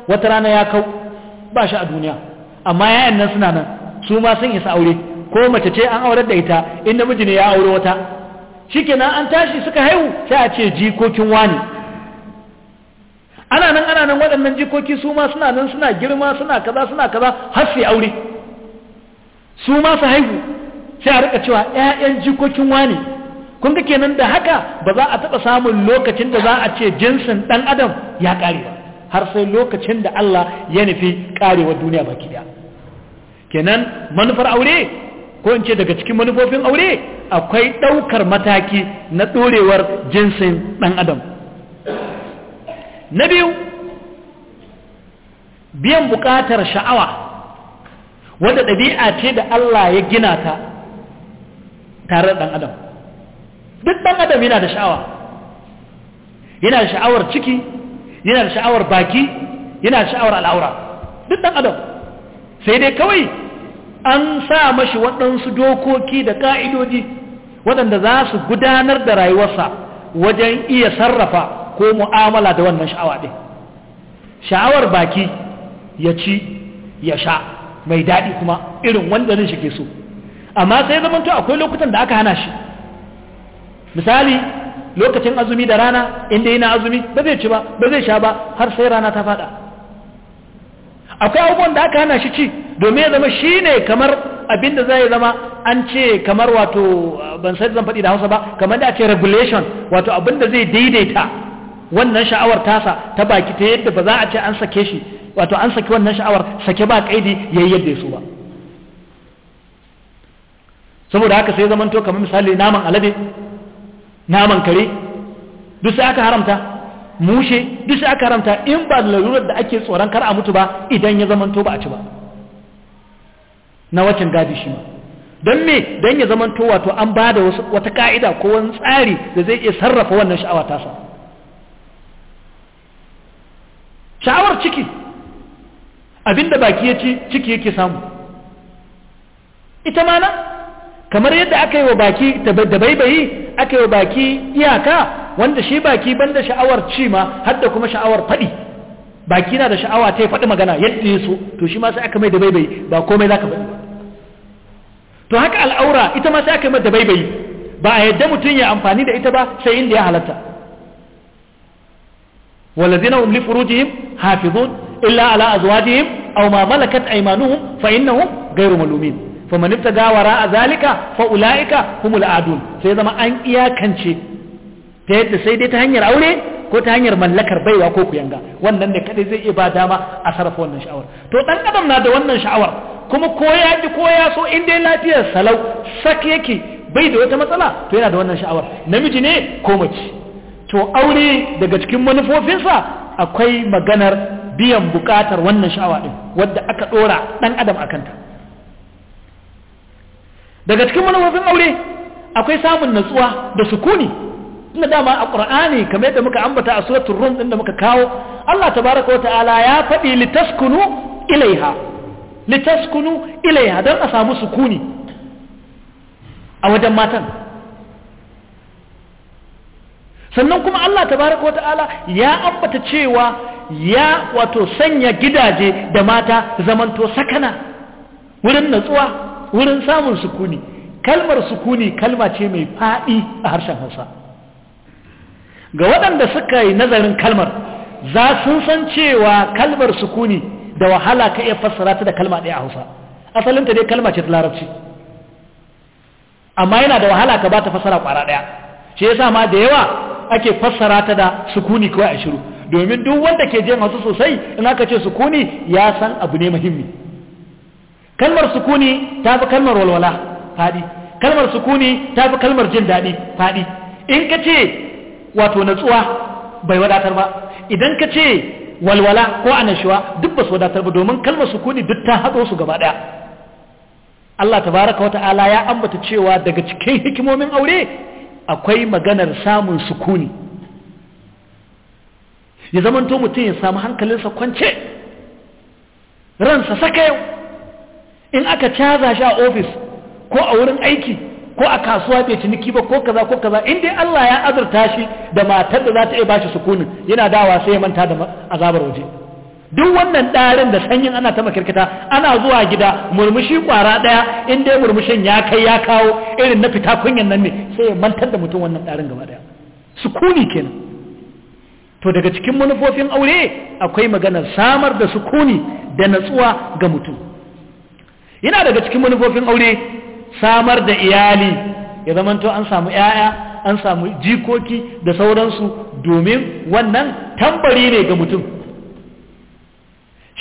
wata rana ya kau ba shi a duniya amma ya'yan nan suna nan su ma sun isa aure ko mace ce an aurar da ita in namiji ne ya aure wata shikenan an tashi suka haihu sai a ce jikokin wani ana nan ana nan waɗannan jikoki su ma suna nan suna girma suna kaza suna kaza har su aure su ma su haihu sai a rika cewa ƴaƴan jikokin wani kun ga kenan da haka ba za a taɓa samun lokacin da za a ce jinsin ɗan adam ya ƙare ba har sai lokacin da Allah ya nufi ƙarewar duniya baki ɗaya kenan manufar aure ko in ce daga cikin manufofin aure akwai ɗaukar mataki na ɗorewar jinsin ɗan adam na biyu biyan buƙatar sha'awa wadda ɗabi'a ce da Allah ya gina ta tare da adam duk ɗan adam yana da sha'awa yana da sha'awar ciki yana da sha'awar baki yana da sha'awar al'aura duk ɗan adam sai dai kawai an sa mashi waɗansu dokoki da ƙa'idodi waɗanda za su gudanar da rayuwarsa wajen iya sarrafa ko mu'amala da wannan sha'awa ɗin sha'awar baki ya ci ya sha mai daɗi kuma irin wanda zai ke so amma sai zamanto akwai lokutan da aka hana shi misali lokacin azumi da rana inda yana azumi ba zai ci ba ba zai sha ba har sai rana ta fada akwai abubuwan da aka hana shi ci domin ya zama shi ne kamar abinda zai zama an ce kamar wato ban sai zan faɗi da hausa ba kamar da ce regulation wato abin da zai daidaita wannan sha'awar tasa ta baki ta yadda ba za a ce an sake shi wato an saki wannan sha'awar sake ba kaidi yayi yadda su ba saboda haka sai to kamar misali naman alade naman kare duk sai aka haramta mushe duk sai aka haramta in ba lalurar da ake tsoron kar a mutu ba idan ya to ba a ci ba na wacin gadi shi ma don me don ya zamanto wato an ba da wata ka'ida ko wani tsari da zai iya sarrafa wannan sha'awar tasa sha'awar ciki abinda baki ya ci ciki yake samu ita mana kamar yadda aka yi wa baki da baibayi aka yi wa baki iyaka wanda shi baki banda sha'awar ci ma har da kuma sha'awar faɗi baki na da sha'awa ta yi faɗi magana yadda ya so to shi ma sai aka mai da baibayi ba komai za ka faɗi ba to haka al'aura ita ma sai aka mai da baibayi ba a yadda mutum ya amfani da ita ba sai inda ya halatta والذين هم لفروجهم حافظون إلا على أزواجهم أو ما ملكت أيمانهم فإنهم غير ملومين فمن ابتغى وراء ذلك فأولئك هم الأعدون سيدا ما أن إياكنشي تهد سيدي تهنير أولي ko ta hanyar mallakar baiwa ko kuyanga wannan ne kadai zai iya ba dama a sarrafa wannan sha'awar to dan adam na da wannan sha'awar kuma ko ya ji ko ya so in dai lafiyar salau sak yake bai da wata matsala to yana da wannan sha'awar namiji ne ko mace to aure daga cikin manufofinsa akwai maganar biyan bukatar wannan sha'awa ɗin wadda aka ɗora ɗan adam akanta daga cikin manufofin aure akwai samun natsuwa da sukuni inda dama a ƙur'ani kamar yadda muka ambata a suratun rum ɗin da muka kawo Allah tabaraka ala ya faɗi litaskunu ilaiha litaskunu ilaiha don a samu sukuni a wajen matan sannan kuma Allah tabaraka ta'ala ya ambata cewa ya wato sanya gidaje da mata zamanto sakana wurin natsuwa wurin samun sukuni kalmar sukuni kalma ce mai faɗi a harshen hausa ga waɗanda suka yi nazarin kalmar za sun san cewa kalmar sukuni da wahala ka iya fassara ta da kalma ɗaya a hausa ta dai kalma ce ta larabci amma yana da wahala ka ba ta fassara ƙwara ɗaya shi yasa ma da yawa ake fassara ta da sukuni kawai a shiru domin duk wanda ke je masu sosai in aka ce sukuni ya san abu ne muhimmi kalmar sukuni ta fi kalmar walwala faɗi kalmar sukuni ta fi kalmar jin daɗi faɗi in ka ce wato natsuwa bai wadatar ba idan ka ce walwala ko annashuwa duk ba su wadatar ba domin kalmar sukuni duk ta haɗo su gaba ɗaya Allah tabaraka ala ya ambata cewa daga cikin hikimomin aure akwai maganar samun sukuni ya zamanto mutum ya samu hankalinsa kwance ransa saka yau in aka caza shi a ofis ko a wurin aiki ko a kasuwa bai ciniki ba ko kaza ko kaza in dai Allah ya azurta shi da matar da za ta iya bashi sukunin yana dawa sai ya manta da azabar waje duk wannan ɗarin da sanyin ana ta makirkita ana zuwa gida murmushi ƙwara ɗaya in murmushin ya kai ya kawo irin na fita kunyan nan ne sai ya mantar da mutum wannan ɗarin gaba ɗaya sukuni kenan to daga cikin manufofin aure akwai maganar samar da sukuni da natsuwa ga mutum yana daga cikin manufofin aure samar da iyali ya zama to an samu 'ya'ya an samu jikoki da sauransu domin wannan tambari ne ga mutum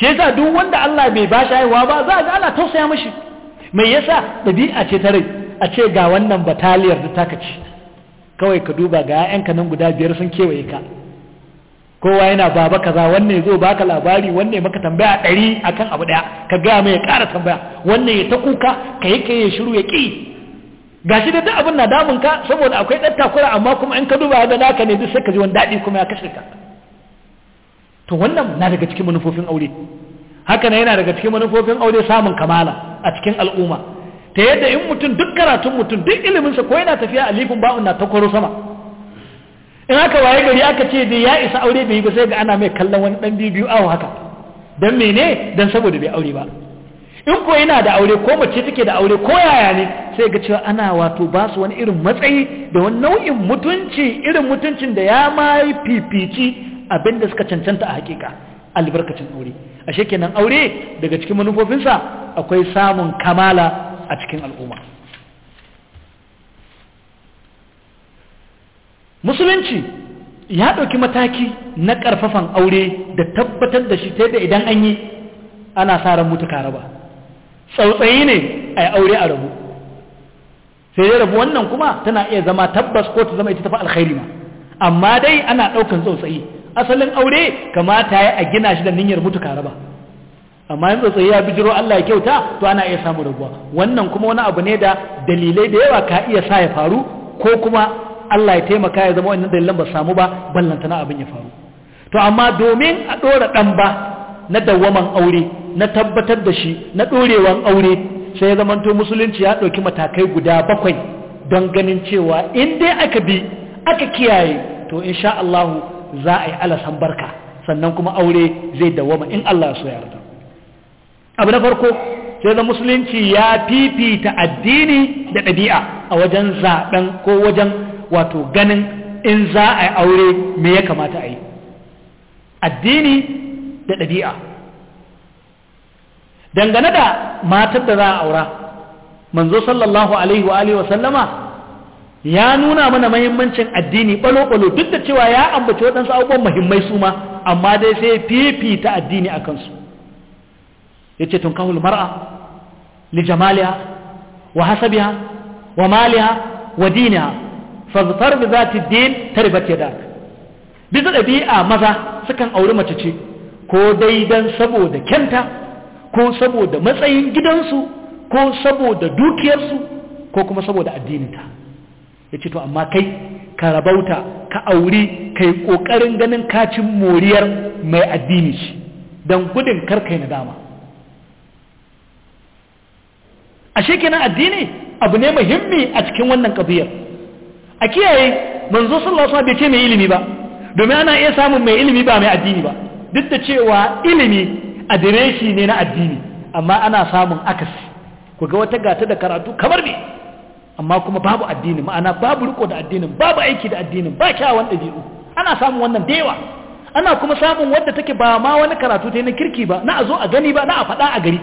shi yasa duk wanda Allah bai ba shi haihuwa ba za a ga ana tausaya mashi mai yasa ɗabi'a ce ta rai a ce ga wannan bataliyar da taka ci kawai ka duba ga ƴan nan guda biyar sun kewaye ka kowa yana baba kaza wannan ya zo baka labari wannan ya maka tambaya ɗari akan abu ɗaya ka gaya mai ya ƙara tambaya wannan ya ta kuka ka yi ka ya shiru ya ƙi gashi da duk abin na damun ka saboda akwai ɗan takura amma kuma in ka duba ga naka ne duk sai ka ji wani daɗi kuma ya kashe ka to wannan na daga cikin manufofin aure haka ne yana daga cikin manufofin aure samun kamala a cikin al'umma ta yadda in mutum duk karatun mutum duk iliminsa ko yana tafiya a lifin ba'un na takwaro sama in haka waye gari aka ce da ya isa aure bai yi ba sai ga ana mai kallon wani dan biyu awo haka dan mene dan saboda bai aure ba in ko yana da aure ko mace take da aure ko yaya ne sai ga cewa ana wato ba su wani irin matsayi da wani nau'in mutunci irin mutuncin da ya mai fifici abinda suka cancanta a hakika albarkacin aure ashe kenan aure daga cikin manufofinsa akwai samun kamala a cikin al'umma musulunci ya ɗauki mataki na ƙarfafan aure da tabbatar da shi ta yadda idan an yi ana sa ran mutu raba tsautsayi ne a yi aure a rabu sai dai rabu wannan kuma tana iya zama tabbas ko ta zama ita tafi alkhairi ma amma dai ana ɗaukan tsautsayi asalin aure kamata ya a gina shi da niyyar mutu raba. amma yanzu tsotsaye ya bijiro Allah ya kyauta to ana iya samun rabuwa. wannan kuma wani abu ne da dalilai da yawa ka iya sa ya faru ko kuma Allah ya taimaka ya zama wannan dalilan ba samu ba na abin ya faru to amma domin a ɗora ɗan ba na dawwaman aure na tabbatar da shi na ɗorewan aure sai ya zamanto musulunci ya ɗauki matakai guda bakwai don ganin cewa in dai aka bi aka kiyaye to insha Allahu za a yi alasan barka sannan kuma aure zai dawama in Allah ya so yarda abu na farko sai da musulunci ya fifita addini da ɗabi'a a wajen zaɓen ko wajen wato ganin in za a yi aure me ya kamata a yi addini da ɗabi'a dangane da matar da za a aura manzo sallallahu alaihi wa alihi wa sallama ya nuna mana mahimmancin addini balo-balo duk da cewa ya ambaci waɗansu abubuwan muhimmai suma amma dai sai fifita addini a kansu ya ce tun lumar mar'a li jamaliya wa hasabiya, wa maliya, wa diniya diniha da za ta din ke da, bisa ɗabi'a maza sukan auri mace ce ko dai dan saboda kyanta ko saboda matsayin gidansu ko saboda dukiyarsu ko kuma saboda addininta ya ce to amma kai ka rabauta ka auri ka yi ƙoƙarin ganin kacin moriyar mai addini shi don gudun karkai na dama ashe shekina addini abu ne muhimmi a cikin wannan kabiyar a kiyaye manzo sallallahu alaihi wasallam bai ce mai ilimi ba domin ana iya samun mai ilimi ba mai addini ba duk da cewa ilimi adireshi ne na addini amma ana samun akasi ku ga wata gata da karatu kamar ne amma kuma babu addini ma'ana babu riko da addinin babu aiki da addinin ba kyawun ɗabi'u ana samun wannan da ana kuma samun wadda take ba ma wani karatu ta na kirki ba na a zo a gani ba na a faɗa a gari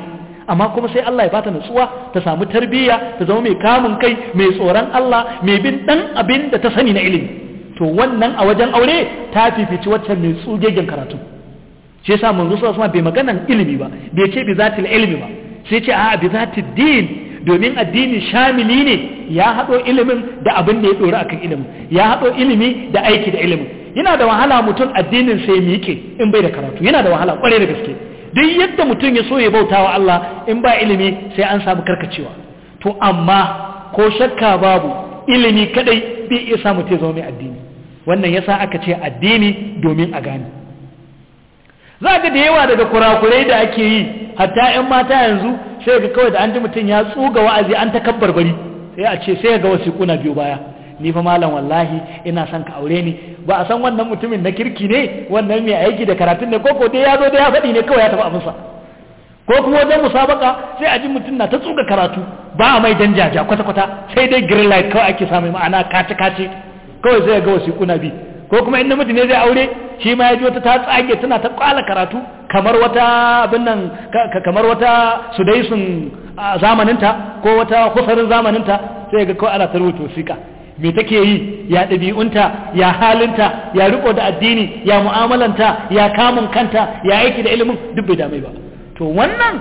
amma kuma sai Allah ya bata nutsuwa ta samu tarbiyya ta zama mai kamun kai mai tsoron Allah mai bin dan abin da ta sani na ilimi to wannan a wajen aure ta fifici waccan mai tsugegen karatu shi yasa manzo sallallahu alaihi wasallam bai maganan ilimi ba bai ce bi zatil ilmi ba sai ce a bi zatil din domin addini shamili ne ya haɗo ilimin da abin da ya ɗori akan ilimin ya haɗo ilimi da aiki da ilimin yana da wahala mutum addinin sai miƙe in bai da karatu yana da wahala ƙwarai da gaske duk yadda mutum ya so ya bauta wa Allah in ba ilimi sai an samu karkacewa to amma ko shakka babu ilimi kadai bai iya sa mutum zama mai addini wannan yasa aka ce addini domin a gane za ga da yawa daga kurakurai da ake yi hatta 'yan mata yanzu sai ga kawai da an ji mutum ya tsuga wa'azi an ta kabbar bari sai a ce sai ga wasu kuna biyu baya ni fa malam wallahi ina son ka aure ni ba a san wannan mutumin na kirki ne wannan mai aiki da karatun ne koko dai ya zo da ya faɗi ne kawai ya tafi abinsa ko kuma wajen musabaka sai a ji mutum na ta tsuga karatu ba a mai dan jaja kwata-kwata sai dai green light kawai ake samu ma'ana kace-kace kawai sai ga wasu kuna biyu ko kuma in namiji ne zai aure shi ma ya ji wata ta tsage tana ta kwala karatu kamar wata abin nan kamar wata sun zamaninta ko wata kusurin zamaninta sai ga kawai ana ta rubuta wasiƙa me take yi ya ɗabi'unta ya halinta ya riko da addini ya mu'amalanta ya kamun kanta ya aiki da ilimin duk bai dame ba to wannan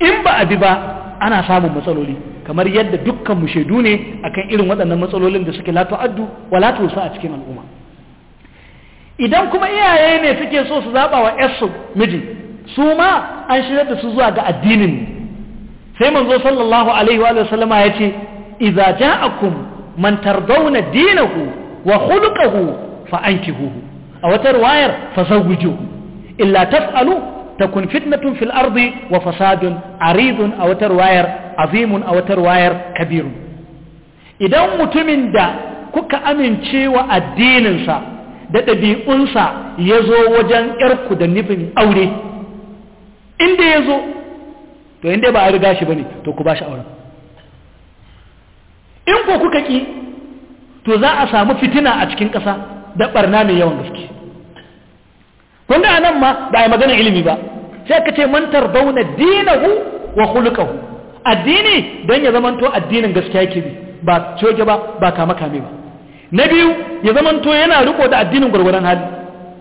in ba a bi ba ana samun matsaloli kamar yadda dukkan mu shaidu ne akan irin waɗannan matsalolin da suke la ta'addu wa tusa a cikin al'umma idan kuma iyaye ne suke so su zaba wa yarsu miji su ma an shirya da su zuwa ga addinin sai manzo sallallahu alaihi wa sallama ya ce idza ja'akum man tardawna dinahu wa khuluquhu fa ankihuhu a wata riwayar fa zawwijuhu illa taf'alu takun fitnatun fil ardi wa fasadun aridun a wata riwayar azimun a wata riwayar kabirun idan mutumin da kuka amince wa addinin sa da ɗabi'unsa ya zo wajen ƴarku da nufin aure inda ya zo to inda ba a riga shi ba ne to ku ba shi auren in ko kuka ƙi to za a samu fitina a cikin ƙasa da ɓarna mai yawan gaske kun ga nan ma ba a yi magana ilimi ba sai ka ce mantar bauna dinahu wa hulukahu addini don ya zamanto addinin gaskiya ke bi ba coge ba ba kama kame ba na biyu ya zamanto yana riko da addinin gwargwaron hali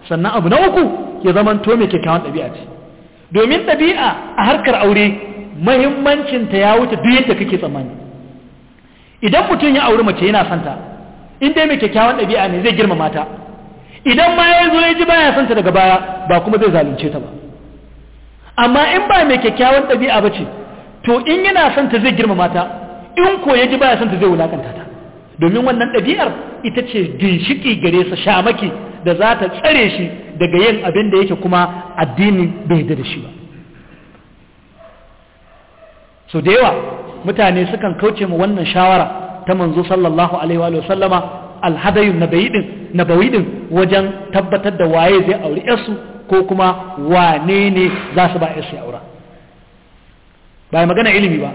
sannan abu na uku ya zamanto mai kyakkyawan ɗabi'a ce domin ɗabi'a a harkar aure mahimmancinta ya wuce duk yadda kake tsammani idan mutum ya auri mace yana santa in dai mai kyakkyawan ɗabi'a ne zai girma mata idan ma ya zo ya ji baya santa daga baya ba kuma zai zalunce ta ba amma in ba mai kyakkyawan ɗabi'a ba ce to in yana santa zai girma mata in ko ya ji baya santa zai wulakanta ta domin wannan ɗabi'ar ita ce ginshiki gare sa shamaki da za ta tsare shi daga yin abin da yake kuma addini bai da shi ba so da yawa mutane sukan kauce mu wannan shawara ta manzo sallallahu alaihi wa sallama alhadayun nabawidin nabawidin wajen tabbatar da waye zai auri yarsu ko kuma wane ne za su ba yarsu ya aura ba magana ilimi ba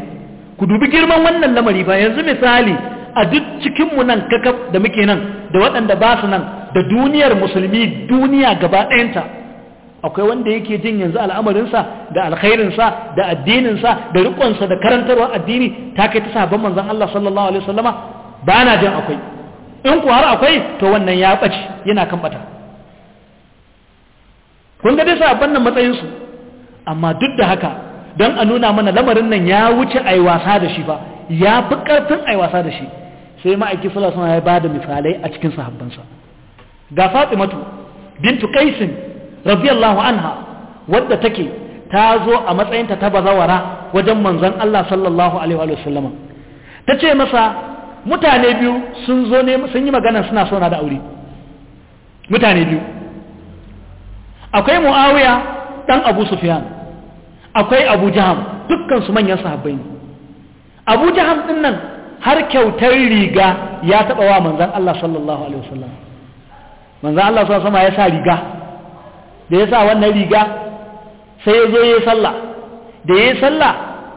ku dubi girman wannan lamari ba yanzu misali a duk cikinmu nan kakaf da muke nan da waɗanda ba su nan da duniyar musulmi duniya gaba ɗayanta akwai wanda yake jin yanzu al'amarinsa da alkhairinsa da addininsa da rikonsa da karantarwa addini ta kai ta sabon manzon Allah sallallahu alaihi wasallama ba na jin akwai in ku har akwai to wannan ya ɓace yana kan ɓata kun ga dai sabon nan matsayinsu amma duk da haka don a nuna mana lamarin nan ya wuce a wasa da shi fa ya fi ƙarfin a wasa da shi sai ma'aiki sallallahu ya ba bada misalai a cikin sahabbansa ga Fatimatu bintu Qais radiyallahu anha wadda take ta zo a matsayinta ta bazawara wajen manzon Allah sallallahu alaihi wa sallama ta ce masa mutane biyu sun zo ne sun yi magana suna sona da aure mutane biyu akwai Muawiya dan Abu Sufyan akwai Abu Jaham dukkan su manyan sahabbai ne Abu Jaham din nan har kyautar riga ya taɓa wa manzan Allah sallallahu alaihi wasallam manzan Allah sallallahu alaihi ya sa riga da ya sa wannan riga sai ya zo ya sallah da ya sallah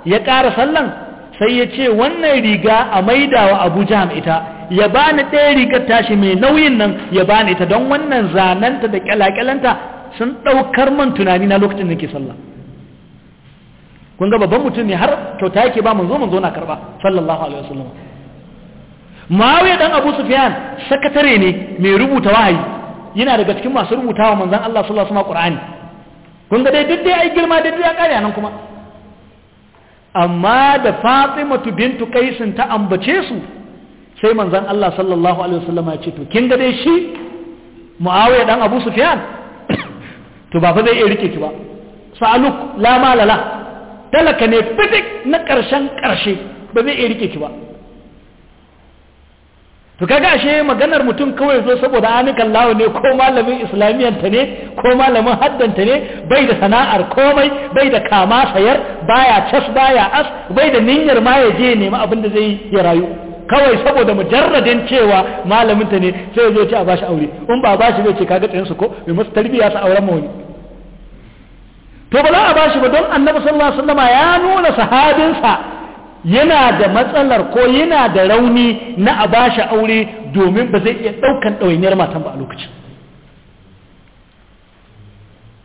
ya ƙara sallan sai ya ce wannan riga a maida wa Abu jam ita ya bani ɗaya rigar tashi mai nauyin nan ya bani ita don wannan zananta da kyalakyalanta sun ɗaukar man tunani na lokacin da ke sallah kun ga babban mutum ne har kyauta yake ba manzo manzo na karba sallallahu alaihi wasallam Muawiya dan Abu Sufyan sakatare ne mai rubuta wahayi yana daga cikin masu rubutawa manzon Allah sallallahu alaihi wasallam Qur'ani kun ga dai duk dai ai girma dai ya kare nan kuma amma da Fatimatu bintu Qais ta ambace su sai manzon Allah sallallahu alaihi wasallam ya ce to kin ga dai shi Muawiya dan Abu Sufyan to ba fa zai iya rike ki ba sa'aluk la malala talaka ne fitik na ƙarshen ƙarshe ba zai iya rike ki ba to kaga ashe maganar mutum kawai zo saboda anikan lawo ne ko malamin islamiyanta ne ko malamin haddanta ne bai da sana'ar komai bai da kama sayar baya cas baya as bai da niyyar ma ya je nemi abin da zai ya rayu kawai saboda mujarradin cewa malaminta ne sai ya zo ce a bashi aure in ba bashi bai ce kaga tsayin su ko bai masu tarbiyya su auren mawani to ba za a bashi ba don annabi sallallahu alaihi wasallama ya nuna sahabinsa yana da matsalar ko yana da rauni na a bashi aure domin ba zai iya ɗaukan ɗawainiyar matan ba a lokacin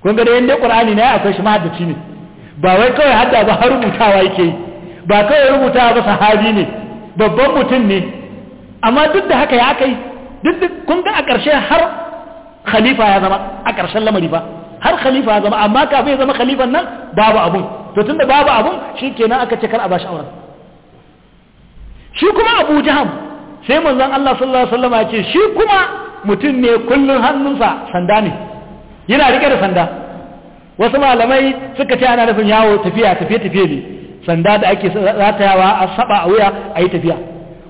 kun ga da yanda ƙur'ani na akwai shi madaci ne ba wai kawai hadda ba har rubutawa yake ba kawai rubutawa ba sahabi ne babban mutum ne amma duk da haka ya kai duk kun ga a ƙarshe har khalifa ya zama a ƙarshen lamari ba har khalifa zama amma kafin ya zama khalifan nan babu abun to tunda babu abun shikenan aka ce kar a bashi auren shi kuma Abu Jaham sai manzon Allah sallallahu alaihi wasallam ya ce shi kuma mutum ne kullun hannunsa sanda ne yana rike da sanda wasu malamai suka ce ana nufin yawo tafiya tafiye tafiye ne sanda da ake ratayawa a saba a wuya a yi tafiya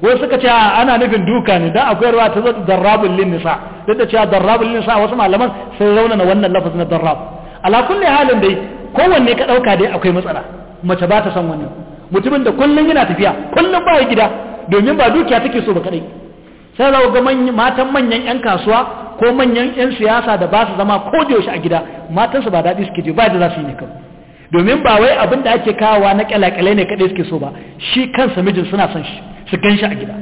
wasu suka ce ana nufin duka ne dan akwai ruwa ta zo darrabul lin duk da cewa darrabul lin wasu malaman sun na wannan lafazin na darrab ala kulli halin dai kowanne ka dauka dai akwai matsala mace ba ta san wannan mutumin da kullun yana tafiya kullun ba ya gida domin ba dukiya take so ba kadai sai za ga matan manyan yan kasuwa ko manyan yan siyasa da ba su zama ko da yaushe a gida matansu ba daɗi suke je ba da za su yi ne kawai domin ba wai abin da ake kawowa na kyalakyalai ne kaɗai suke so ba shi kansa mijin suna son shi su gan shi a gida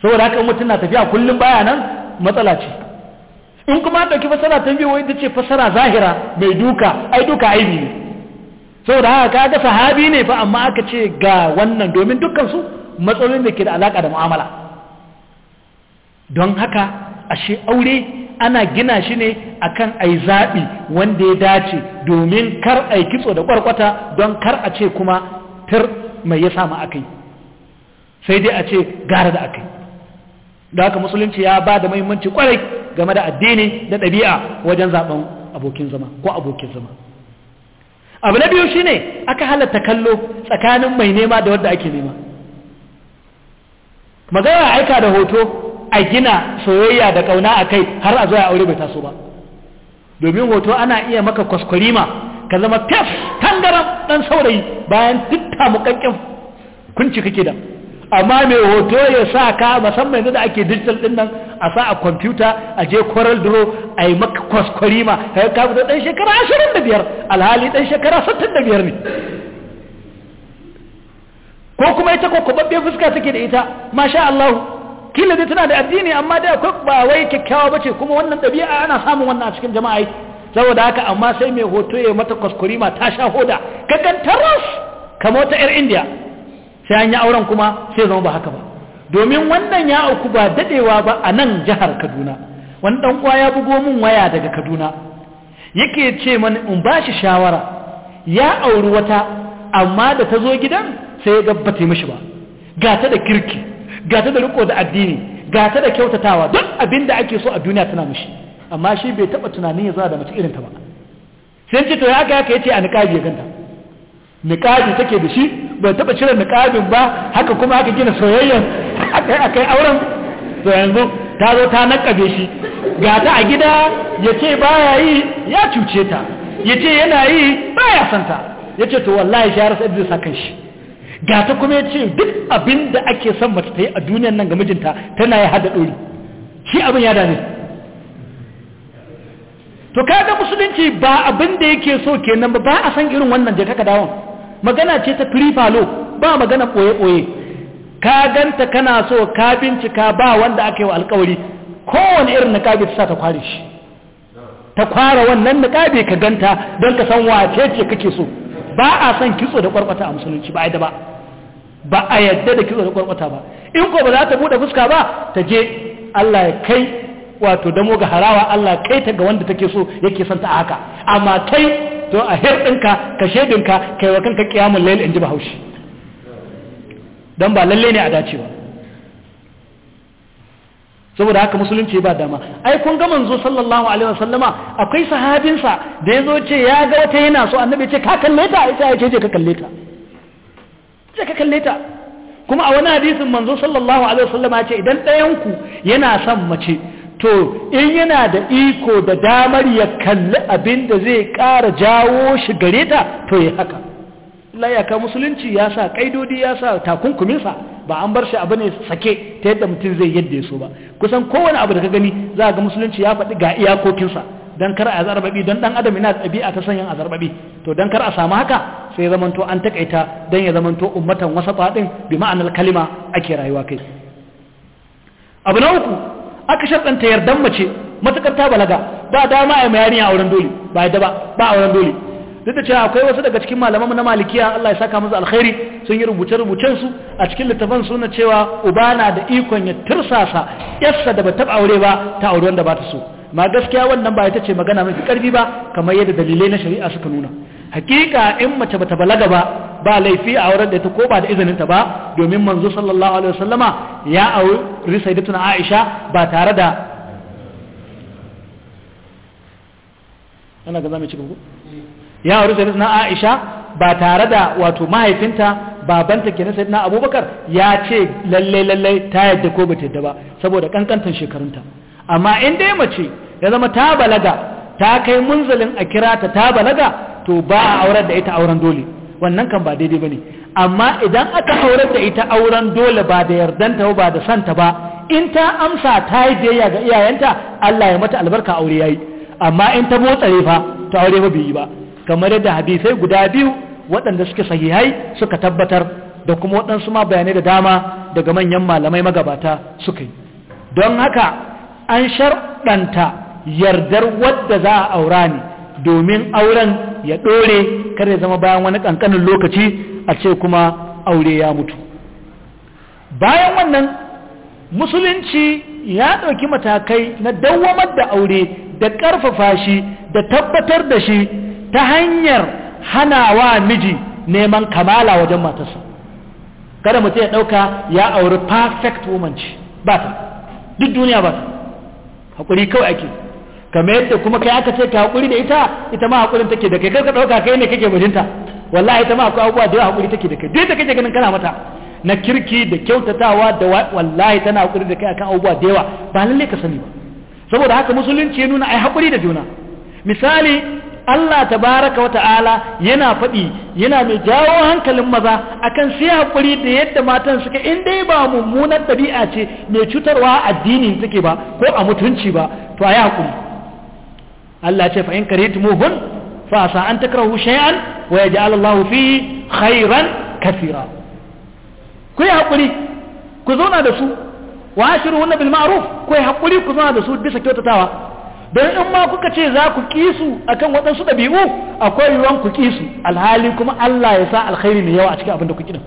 saboda haka mutum na tafiya kullum baya nan matsala ce in kuma an ɗauki fasara ta biyu ta ce fasara zahira mai duka ai duka aibi ne saboda haka ka ga sahabi ne fa amma aka ce ga wannan domin dukkan su matsalolin da ke da alaka da mu'amala don haka ashe aure ana gina shi ne akan ayi zaɓi wanda ya dace domin kar yi kitso da ƙwarƙwata don kar a ce kuma tir mai ya samu yi sai dai a ce gara da aka yi da haka musulunci ya ba da mahimmanci kwarai game da addini da ɗabi'a wajen zaɓen abokin zama ko abokin zama abu na biyu shi ne aka halatta kallo tsakanin mai nema da wadda ake nema magana aika da hoto a gina soyayya da ƙauna a kai har a zuwa aure bai taso ba domin hoto ana iya maka kwaskwarima ka zama fes tangaram dan saurayi bayan duk mukakken kunci kake da amma mai hoto ya sa ka musamman yanzu da ake digital din nan a sa a kwamfuta a je coral draw a yi maka kwaskwarima ka yi kafin dan shekara ashirin da biyar alhali dan shekara da biyar ne ko kuma ita ko fuska take da ita masha Allah kila dai tana da addini amma dai akwai ba wai kyakkyawa ce kuma wannan ɗabi'a ana samun wannan a cikin jama'a saboda haka amma sai mai hoto ya mata ma ta sha hoda kakan taras kamar wata yar indiya sai an yi auren kuma sai zama ba haka ba domin wannan ya auku ba daɗewa ba a nan jihar kaduna wani dan uwa ya bugo min waya daga kaduna yake ce mani in ba shi shawara ya auri wata amma da ta zo gidan sai ya gabbata mishi ba ga ta da kirki ga ta da riko da addini ga ta da kyautatawa duk abin da ake so a duniya tana mishi amma shi bai taba tunanin ya zama da mace irin ta ba sai ce to ya ga yake yace a niqabi ya ganta niqabi take da shi bai taba cire niqabin ba haka kuma haka gina soyayyen akai akai auren to yanzu ta zo ta nakabe shi ga ta a gida yace baya yi ya cuce ta yace yana yi baya santa yace to wallahi shi har sai zai saka shi ga ta kuma ya ce duk abin da ake son mace ta yi a duniyan nan ga mijinta tana ya hada ɗori shi abin ya dame to ga musulunci ba abin da yake so kenan ba ba a san irin wannan je kaka dawon magana ce ta firifalo ba magana ɓoye-ɓoye ka ganta kana so ka bincika ba wanda aka yi wa alkawari kowane irin na kabi ta sa ta kware shi ta kware wannan na kabi ka ganta don ka san wace ce kake so ba a san kitso da kwarkwata a musulunci ba a da ba ba a yadda da kitso da kwarkwata ba in ko ba za ta bude fuska ba ta je Allah ya kai wato damo ga harawa Allah kai ta ga wanda take so yake son ta haka amma kai to a hirɗinka ka shedinka kai wa kanka kiyamun layl in ji haushi don ba lalle ne a dacewa saboda haka musulunci ba dama ai kun ga manzo sallallahu alaihi wasallama akwai sahabinsa da ya zo ce ya ga wata yana so annabi ce ka kalle ta ita ya ce ka kalle ta sai ka kalle ta kuma a wani hadisin manzo sallallahu alaihi wasallam ya ce idan ɗayan ku yana son mace to in yana da iko da damar ya kalli abin da zai ƙara jawo shi gare ta to ya haka layaka musulunci ya sa kaidodi ya sa takunkuminsa ba an bar shi abu ne sake ta yadda mutum zai yadda ya so ba kusan kowane abu da ka gani za ga musulunci ya faɗi ga iyakokinsa dan kar a zarbabi don dan adam yana ɗabi'a ta sanyin a zarbabi to dan kar a samu haka sai ya zamanto an takaita dan ya zamanto ummatan wasa faɗin bi ma'anar kalima ake rayuwa kai abu na uku aka shaɗanta yardan mace matakar ta balaga ba dama a mayani a auren dole ba yadda ba ba auren dole duk da cewa akwai wasu daga cikin malaman na malikiya Allah ya saka musu alkhairi sun yi rubuce-rubucen su a cikin littafan suna cewa uba na da ikon ya tursasa yarsa da ba taɓa aure ba ta aure wanda ba ta so ma gaskiya wannan ba ita ce magana mafi karfi ba kamar yadda dalilai na shari'a suka nuna hakika in mace bata balaga ba ba laifi a auren da ta ko ba da izinin ta ba domin manzo sallallahu alaihi wasallama ya auri risaidatuna Aisha ba tare da ana ga zamu ci gaba ya auri sayyidatuna Aisha ba tare da wato mahaifinta babanta kenan sayyidina Abubakar ya ce lalle lalle ta yadda ko bata yadda ba saboda kankantan shekarunta amma in dai mace ya zama ta balaga ta kai munzalin a kira ta ta balaga to ba a aurar da ita auren dole wannan kan ba daidai bane amma idan aka aurar da ita auren dole ba da yardanta ba da santa ba in ta amsa ta yi biyayya ga iyayenta Allah ya mata albarka aure yayi amma in ta motsare fa ta aure ba bai ba kamar yadda hadisai guda biyu waɗanda suke sahihai suka tabbatar da kuma waɗansu ma bayanai da dama daga manyan malamai magabata suka yi don haka an sharɗanta yardar wadda za a aura ne domin auren ya ɗore kare ya zama bayan wani ƙanƙanin lokaci a ce kuma aure ya mutu bayan wannan musulunci ya ɗauki matakai na dawwamar da aure da ƙarfafa shi da tabbatar da shi ta hanyar hanawa miji neman kamala wajen matarsa kada mutum ya ɗauka ya auri perfect woman ce ba ta duk duniya ba ta hakuri kawai ake kamar yadda kuma kai aka ce ka hakuri da ita ita ma hakurin take da kai kar ka dauka kai ne kake bajinta wallahi ita ma akwai abubuwa da yawa hakuri take da kai duk da kake ganin kana mata na kirki da kyautatawa da wallahi tana hakuri da kai akan abubuwa da yawa ba lalle ka sani ba saboda haka musulunci ya nuna ai hakuri da juna misali Allah tabaraka wa ta'ala yana faɗi yana mai jawo hankalin maza akan sai hakuri da yadda matan suka in dai ba mummunar ɗabi'a ce mai cutarwa addinin take ba ko a mutunci ba to a yi hakuri Allah ce fa in karitumuhun fa sa an takrahu shay'an wa yaj'al Allahu fi khairan kathira ku yi hakuri ku zauna da su wa ashiru bil ma'ruf ku yi hakuri ku zauna da su bisa kyautatawa don in ma kuka ce za ku kisu akan waɗansu ɗabi'u akwai yiwuwan ku kisu alhali kuma Allah ya sa alkhairi mai yawa a cikin abin da ku kidan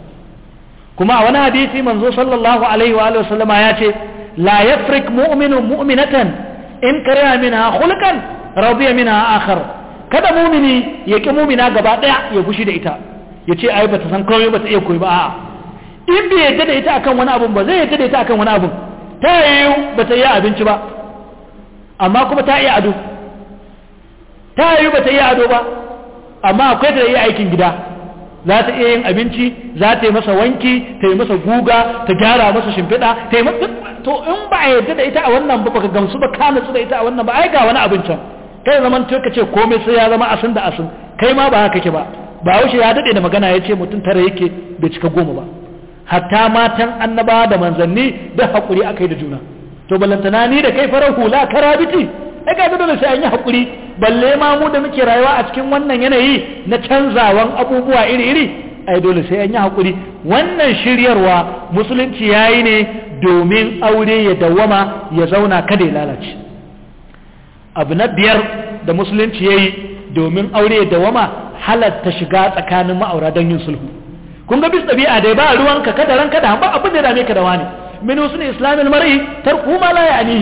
kuma a wani hadisi manzo sallallahu alaihi wa alihi wasallama ya ce la yafrik mu'minun mu'minatan in kariya minha khulqan radiya minha akhar kada mu'mini ya ki mu'mina gaba daya ya gushi da ita ya ce ai bata san komai bata iya koyi ba a'a in bai yadda da ita akan wani abun ba zai yadda da ita akan wani abun ta yiwu bata yi abinci ba amma kuma ta iya ado ta yi ba ta iya ado ba amma akwai ta iya aikin gida za ta iya yin abinci za ta yi masa wanki ta yi masa guga ta gyara masa shimfiɗa ta yi masa to in ba a yarda da ita a wannan ba ka gamsu ba ka nutsu da ita a wannan ba ai ga wani abincin kai zaman to kace komai sai ya zama asin da asin kai ma ba haka ke ba ba wuce ya dade da magana ya ce mutum tara yake bai cika goma ba hatta matan annabawa da manzanni da hakuri aka da juna to balantana ni da kai farar hula karabiti ai ga dole sai an yi hakuri balle ma mu da muke rayuwa a cikin wannan yanayi na canzawan abubuwa iri-iri ai dole sai an yi hakuri wannan shiryarwa musulunci yayi ne domin aure ya dawama ya zauna kada ya lalace abu na biyar da musulunci yayi domin aure ya dawwama halatta shiga tsakanin ma'aura don yin sulhu kun ga bis ɗabi'a dai ba ruwanka kada ranka da hamba abin da ya dame ka da wani min husni islamil mar'i tarku ma la ya'ni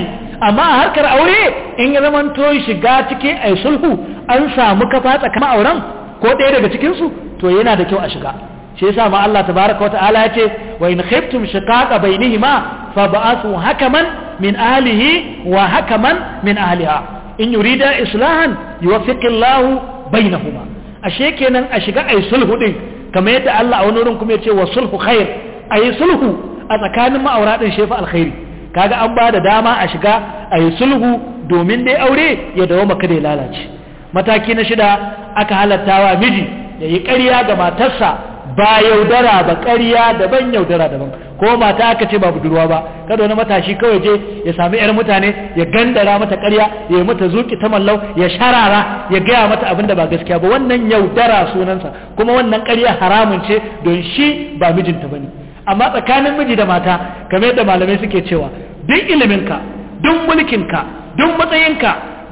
amma a harkar aure in ya zama to shiga cikin ai sulhu an samu kafa tsakanin auren ko ɗaya daga cikin su to yana da kyau a shiga shi yasa ma Allah tabaraka wa ta'ala yace wa in khiftum shiqaqa bainihima fab'athu hakaman min ahlihi wa hakaman min ahliha in yurida islahan yuwaffiqillahu bainahuma ashe kenan a shiga ai sulhu din kamar yadda Allah a wani wurin kuma ya wa sulhu khair ai sulhu a tsakanin ma'aura ɗin shefa alkhairi kaga an ba da dama a shiga a yi sulhu domin dai aure ya dawo da ya lalace mataki na shida aka wa miji ya yi ƙarya ga matarsa ba yaudara ba ƙarya daban yaudara daban ko mata aka ce ba budurwa ba kada wani matashi kawai je ya sami yar mutane ya gandara mata ƙarya ya yi mata zuƙi ta mallau ya sharara ya gaya mata abin da ba gaskiya ba wannan yaudara sunansa kuma wannan ƙarya haramun ce don shi ba mijinta ba ne. amma tsakanin miji da mata kamar yadda malamai suke cewa duk iliminka duk mulkinka duk matsayinka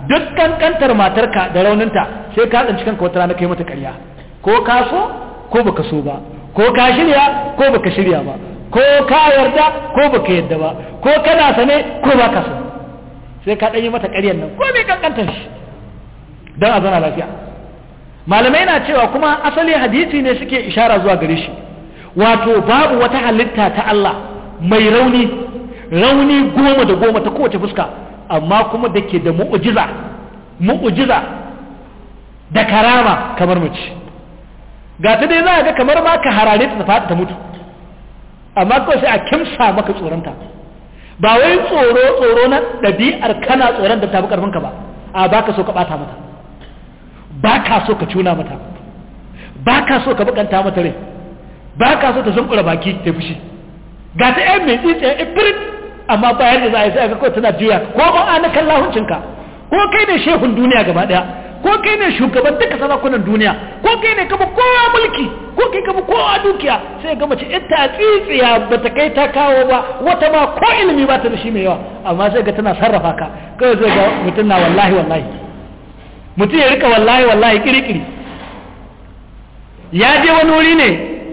duk kankantar matarka da rauninta sai ka tsanci kanka wata rana kai mata ƙarya ko ka so ko baka so ba ko ka shirya ko baka shirya ba ko ka yarda ko baka yarda ba ko kana sane ko baka so sai ka ɗanyi mata ƙaryan nan ko mai kankantar shi don a zana lafiya malamai na cewa kuma asali hadisi ne suke ishara zuwa gare shi wato babu wata halitta ta Allah mai rauni rauni goma da goma ta kowace fuska amma kuma da ke da mu'ujiza mu'ujiza da karama kamar mace ga ta dai za a ga kamar ma ka harare ta fata ta mutu amma kawai sai a kimsa maka tsoronta ba wai tsoro tsoro na ɗabi'ar kana tsoron da tafi ƙarfinka ba a ba ka so ka ɓata mata ba ka so ka cuna mata ba ka so ka bukanta mata rai ba ka so ta zunkura baki ta fushi ga ta yan mai tsitsa ifirin amma bayan da za a yi sai kawai tana juya ko ba a na kalla huncinka ko kai ne shehun duniya gaba daya ko kai ne shugaban duka sarakunan duniya ko kai ne kama kowa mulki ko kai kama kowa dukiya sai ga mace in tsitsiya ba ta kai ta kawo ba wata ma ko ilimi ba ta da shi mai yawa amma sai ga tana sarrafa ka kai zai ga mutum na wallahi wallahi mutum ya rika wallahi wallahi kirikiri ya je wani wuri ne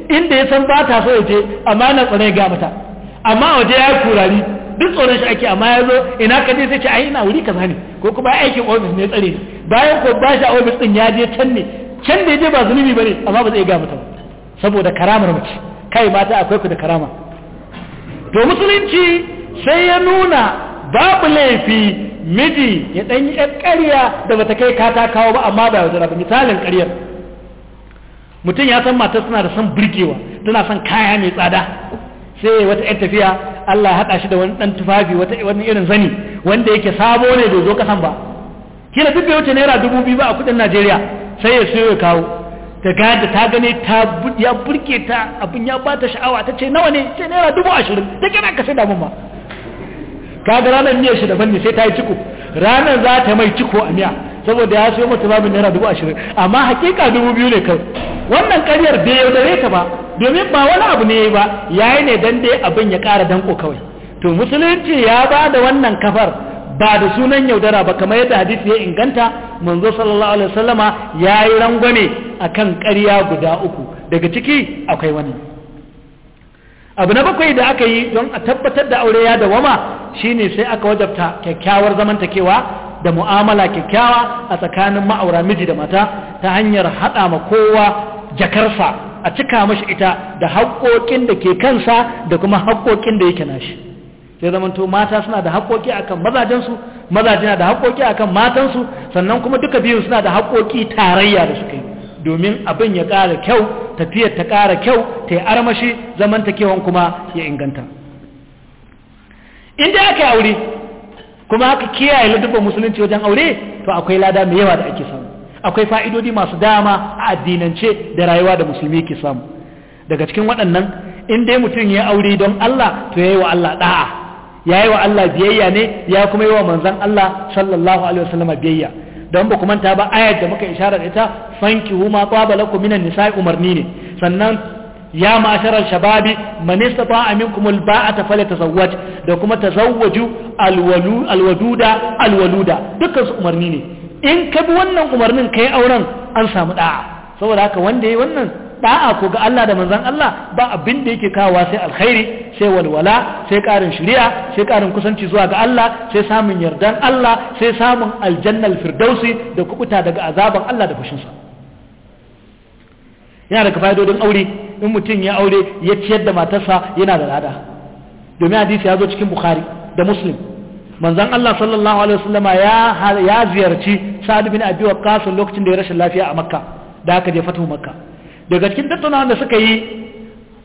inda ya san ba ta so ya je amma na tsare ga mata amma waje ya yi kurari duk tsoron shi ake amma ya zo ina ka je sai ce ai ina wuri kaza ne ko kuma aikin ofis ne tsare bayan ko ba shi a ofis din ya je can ne can da je ba zunubi bane amma ba zai ga mata saboda karamar mace kai mata akwai ku da karama to musulunci sai ya nuna babu laifi miji ya ɗanyi 'yar ƙarya da bata kai kata kawo ba amma ba yaudara ba misalin ƙaryar mutum ya san matar suna da son birkewa, tana son kaya mai tsada sai wata yan tafiya Allah ya haɗa shi da wani ɗan tufafi wata wani irin zani wanda yake sabo ne dozo kasan ba kila duk bai wuce naira dubu biyu ba a kuɗin Najeriya sai ya siyo ya kawo ta gada ta gane ta ya burke ta abin ya bata sha'awa ta ce nawa ne ce naira dubu ashirin ta kira ka sai damun ba Ka ga ranar miyar shi daban ne sai ta yi ciko ranar za ta mai ciko a miya saboda ya siyo mata babin naira dubu ashirin amma hakika dubu biyu ne kai wannan karyar bai yaudare ta ba domin ba wani abu ne ba ya yi ne dan dai abin ya kara danko kawai to musulunci ya ba da wannan kafar ba da sunan yaudara ba kamar yadda hadisi ya inganta manzo sallallahu alaihi wasallama ya yi rangwame akan ƙarya guda uku daga ciki akwai wani. abu na bakwai da aka yi don a tabbatar da aure ya dawama shine sai aka wajabta kyakkyawar zamantakewa da mu'amala kyakkyawa a tsakanin ma'aura miji da mata ta hanyar haɗa ma kowa jakarsa a cika mashi ita da haƙoƙin da ke kansa da kuma haƙoƙin da yake nashi sai zamanto mata suna da haƙoƙi akan mazajensu mazaje na da haƙoƙi akan matansu sannan kuma duka biyun suna da haƙoƙi tarayya da suka domin abin ya ƙara kyau tafiyar ta ƙara kyau ta yi armashi zamantakewan kuma ya inganta in dai aka yi aure kuma haka kiyaye ladabban musulunci wajen aure to akwai lada mai yawa da ake samu akwai fa'idodi masu dama a addinance da rayuwa da musulmi ke samu daga cikin waɗannan in dai mutum ya aure don Allah to ya yi wa Allah da'a yi wa Allah biyayya ne ya kuma yi wa manzon Allah sallallahu alaihi wasallam biyayya don ba ku manta ba ayar da muka isharar ita fanki huma qabalakum minan nisa'i umarni ne sannan ya ma'asharar shababi man istata'a minkum alba'ata falyatazawwaj da kuma tazawwaju alwalu alwaduda alwaluda dukkan umarni ne in ka bi wannan umarnin kai auren an samu da'a saboda haka wanda yayi wannan da'a ko ga Allah da manzon Allah ba abin da yake kawo sai alkhairi sai walwala sai karin shari'a sai karin kusanci zuwa ga Allah sai samun yardan Allah sai samun aljannal firdausi da kubuta daga azaban Allah da fushinsa yana daga fa'idodin aure in mutum ya aure ya ciyar da matarsa yana da lada domin hadisi ya zo cikin bukhari da muslim Manzan Allah sallallahu alaihi wasallama ya ziyarci Sa'ad bin Abi Waqqas lokacin da ya rashin lafiya a Makka da aka je fatu Makka daga cikin tattaunawa da suka yi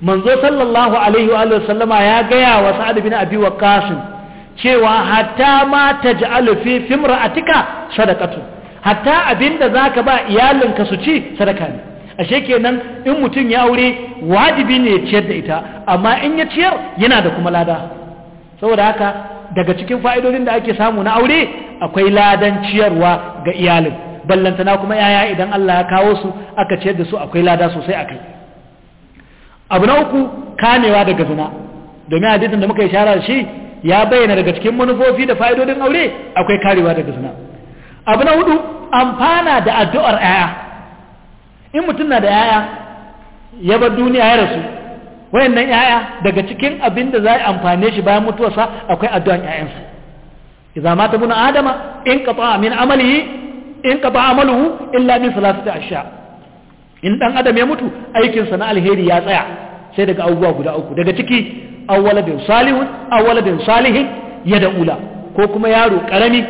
manzo sallallahu alaihi wa sallama ya gaya wa Sa'ad bin Abi Waqqas cewa hatta ma taj'alu fi fimra'atika sadaqatu hatta abinda zaka ba iyalinka su ci sadaka ne ashe kenan in mutum ya aure wajibi ne ya ciyar da ita amma in ya ciyar yana da kuma lada saboda haka daga cikin fa'idodin da ake samu na aure akwai ladan ciyarwa ga iyalin ballantana kuma yaya idan Allah ya kawo su aka ciyar da su akwai lada sosai a kai abu na uku kamewa daga zina domin hadisin da muka yi shara shi ya bayyana daga cikin manufofi da fa'idodin aure akwai karewa daga zina abu na hudu amfana da addu'ar 'ya'ya in mutum na da yaya ya bar duniya ya rasu wayannan yaya daga cikin abin da za a amfane shi bayan mutuwarsa akwai addu'an yayansa idza mata bunu adama in qata min amalihi in qata amaluhu illa min salatati asha in dan adam ya mutu aikin sa na alheri ya tsaya sai daga abubuwa guda uku daga ciki awwala bin salihun awwala salihin yada ula ko kuma yaro karami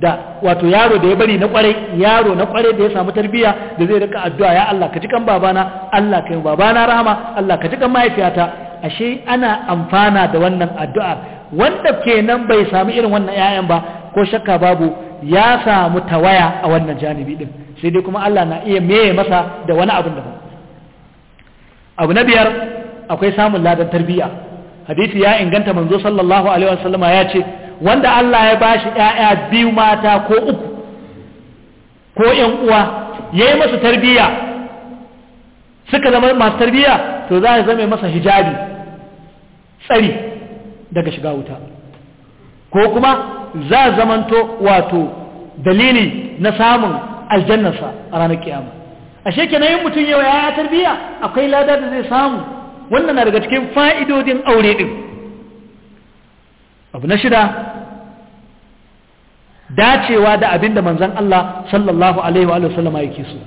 da wato yaro da ya bari na kwarai yaro na kwarai da ya samu tarbiyya da zai rika addu'a ya Allah ka ji kan babana Allah ka yi babana rahama Allah ka ji kan mahaifiyata ashe ana amfana da wannan addu'a wanda kenan bai samu irin wannan 'ya'yan ba ko shakka babu ya samu tawaya a wannan janibi din sai dai kuma Allah na iya meye masa da wani abin daban abu na biyar akwai samun ladan tarbiyya hadisi ya inganta manzo sallallahu alaihi wasallama ya ce wanda Allah ya bashi ‘ya'ya biyu mata ko uku ko ‘yan uwa ya yi masu tarbiyya suka zama masu tarbiyya to za a zama masa hijabi tsari daga shiga wuta ko kuma za a zamanto wato dalili na samun aljannarsa a ranar kiyama ashe kenan yin mutum yau ya tarbiyya akwai lada da zai samu wannan na daga cikin fa'idodin aure ɗin. abu na shida dacewa da abin da manzan Allah sallallahu alaihi wa yake so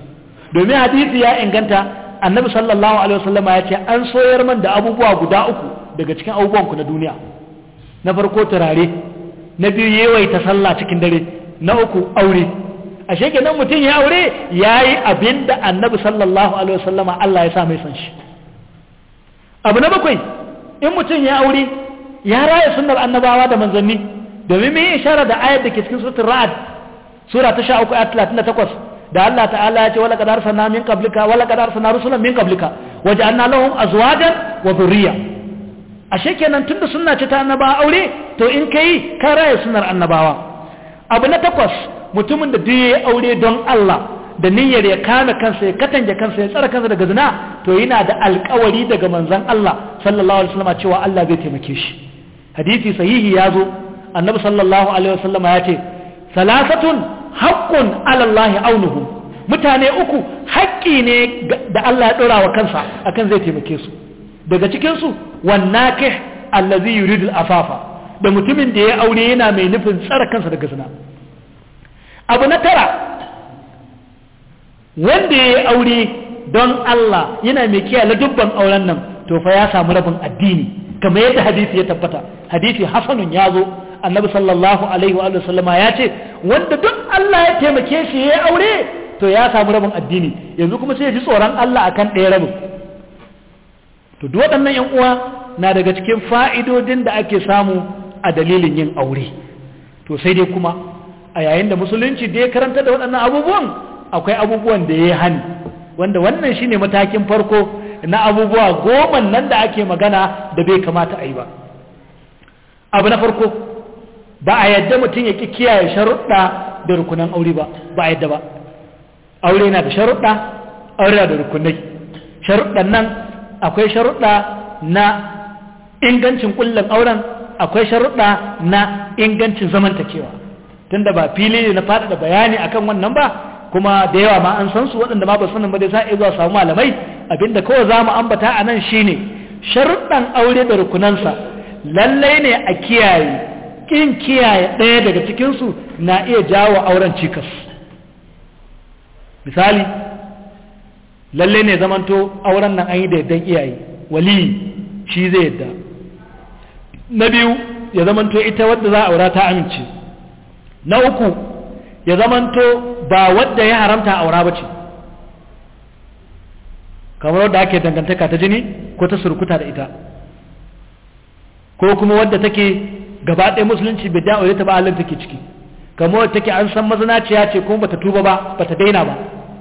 domin hadisi ya inganta annabi sallallahu alaihi wa ya ce an soyar man da abubuwa guda uku daga cikin abubuwan ku na duniya na farko turare na biyu ta sallah cikin dare na uku aure ashe nan mutum ya aure yayi abin da annabi sallallahu alaihi wa Allah ya sa mai san shi abu na bakwai in mutum ya aure ya raya sunnar annabawa da manzanni domin mai ishara da ayar da ke cikin sutur ra'ad sura ta uku ayat 38 da Allah ta'ala ya ce wala qad na min kablika wala qad na rusulan min waje waja'alna lahum azwajan wa dhurriya ashe kenan tunda sunna ce ta annabawa aure to in kai ka raya sunnar annabawa abu na takwas mutumin da duk yayi aure don Allah da niyyar ya kame kansa ya katange kansa ya tsara kansa daga zina to yana da alkawari daga manzon Allah sallallahu alaihi wasallam cewa Allah zai taimake shi hadisi sahihi ya zo annabi sallallahu alaihi wasallama ya ce salasatun haqqun ala aunuhu mutane uku haƙƙi ne da Allah ya ɗora wa kansa akan zai taimake su daga cikin su wannakih allazi yuridu afafa da mutumin da ya aure yana mai nufin tsara kansa daga zina abu na tara wanda ya aure don Allah yana mai kiyaye dubban auren nan to fa ya samu rabin addini kamar yadda hadisi ya tabbata hadisi hasanun ya zo annabi sallallahu alaihi wa sallama ya ce wanda duk Allah ya taimake shi ya aure to ya samu rabin addini yanzu kuma sai ya ji tsoron Allah akan ɗaya rabin to duk waɗannan yan uwa na daga cikin fa'idodin da ake samu a dalilin yin aure to sai dai kuma a yayin da musulunci da ya karanta da waɗannan abubuwan akwai abubuwan da ya yi hani wanda wannan shine matakin farko na abubuwa goma nan da ake magana da bai kamata a yi ba abu na farko ba a yadda mutum ya ƙi kiyaye sharuɗa da rukunan aure ba ba a yadda ba aure na da sharuɗa aure na da rukunai sharuɗan nan akwai sharuɗa na ingancin ƙullin auren akwai sharuɗa na ingancin zamantakewa tunda ba fili ne na faɗaɗa bayani akan wannan ba kuma da yawa ma an san su waɗanda ma ba sanin ba dai za a zuwa samu malamai abinda kawai za mu ambata a nan shi ne sharuɗan aure da rukunansa lallai ne a kiyaye ƙin kiyaye ɗaya daga cikinsu na iya jawo auren cikas misali lallai ne zamanto auren nan an yi da yadda iyaye wali shi zai yadda na biyu ya zamanto ita wadda za a aura ta amince na uku ya zamanto ba wadda ya haramta aura ba ce kamar wadda ake dangantaka ta jini ko ta surkuta da ita ko kuma wadda take gaba ɗaya musulunci bai da aure ta ba alin take ciki kamar wadda take an san mazinaciya ce kuma bata tuba ba bata daina ba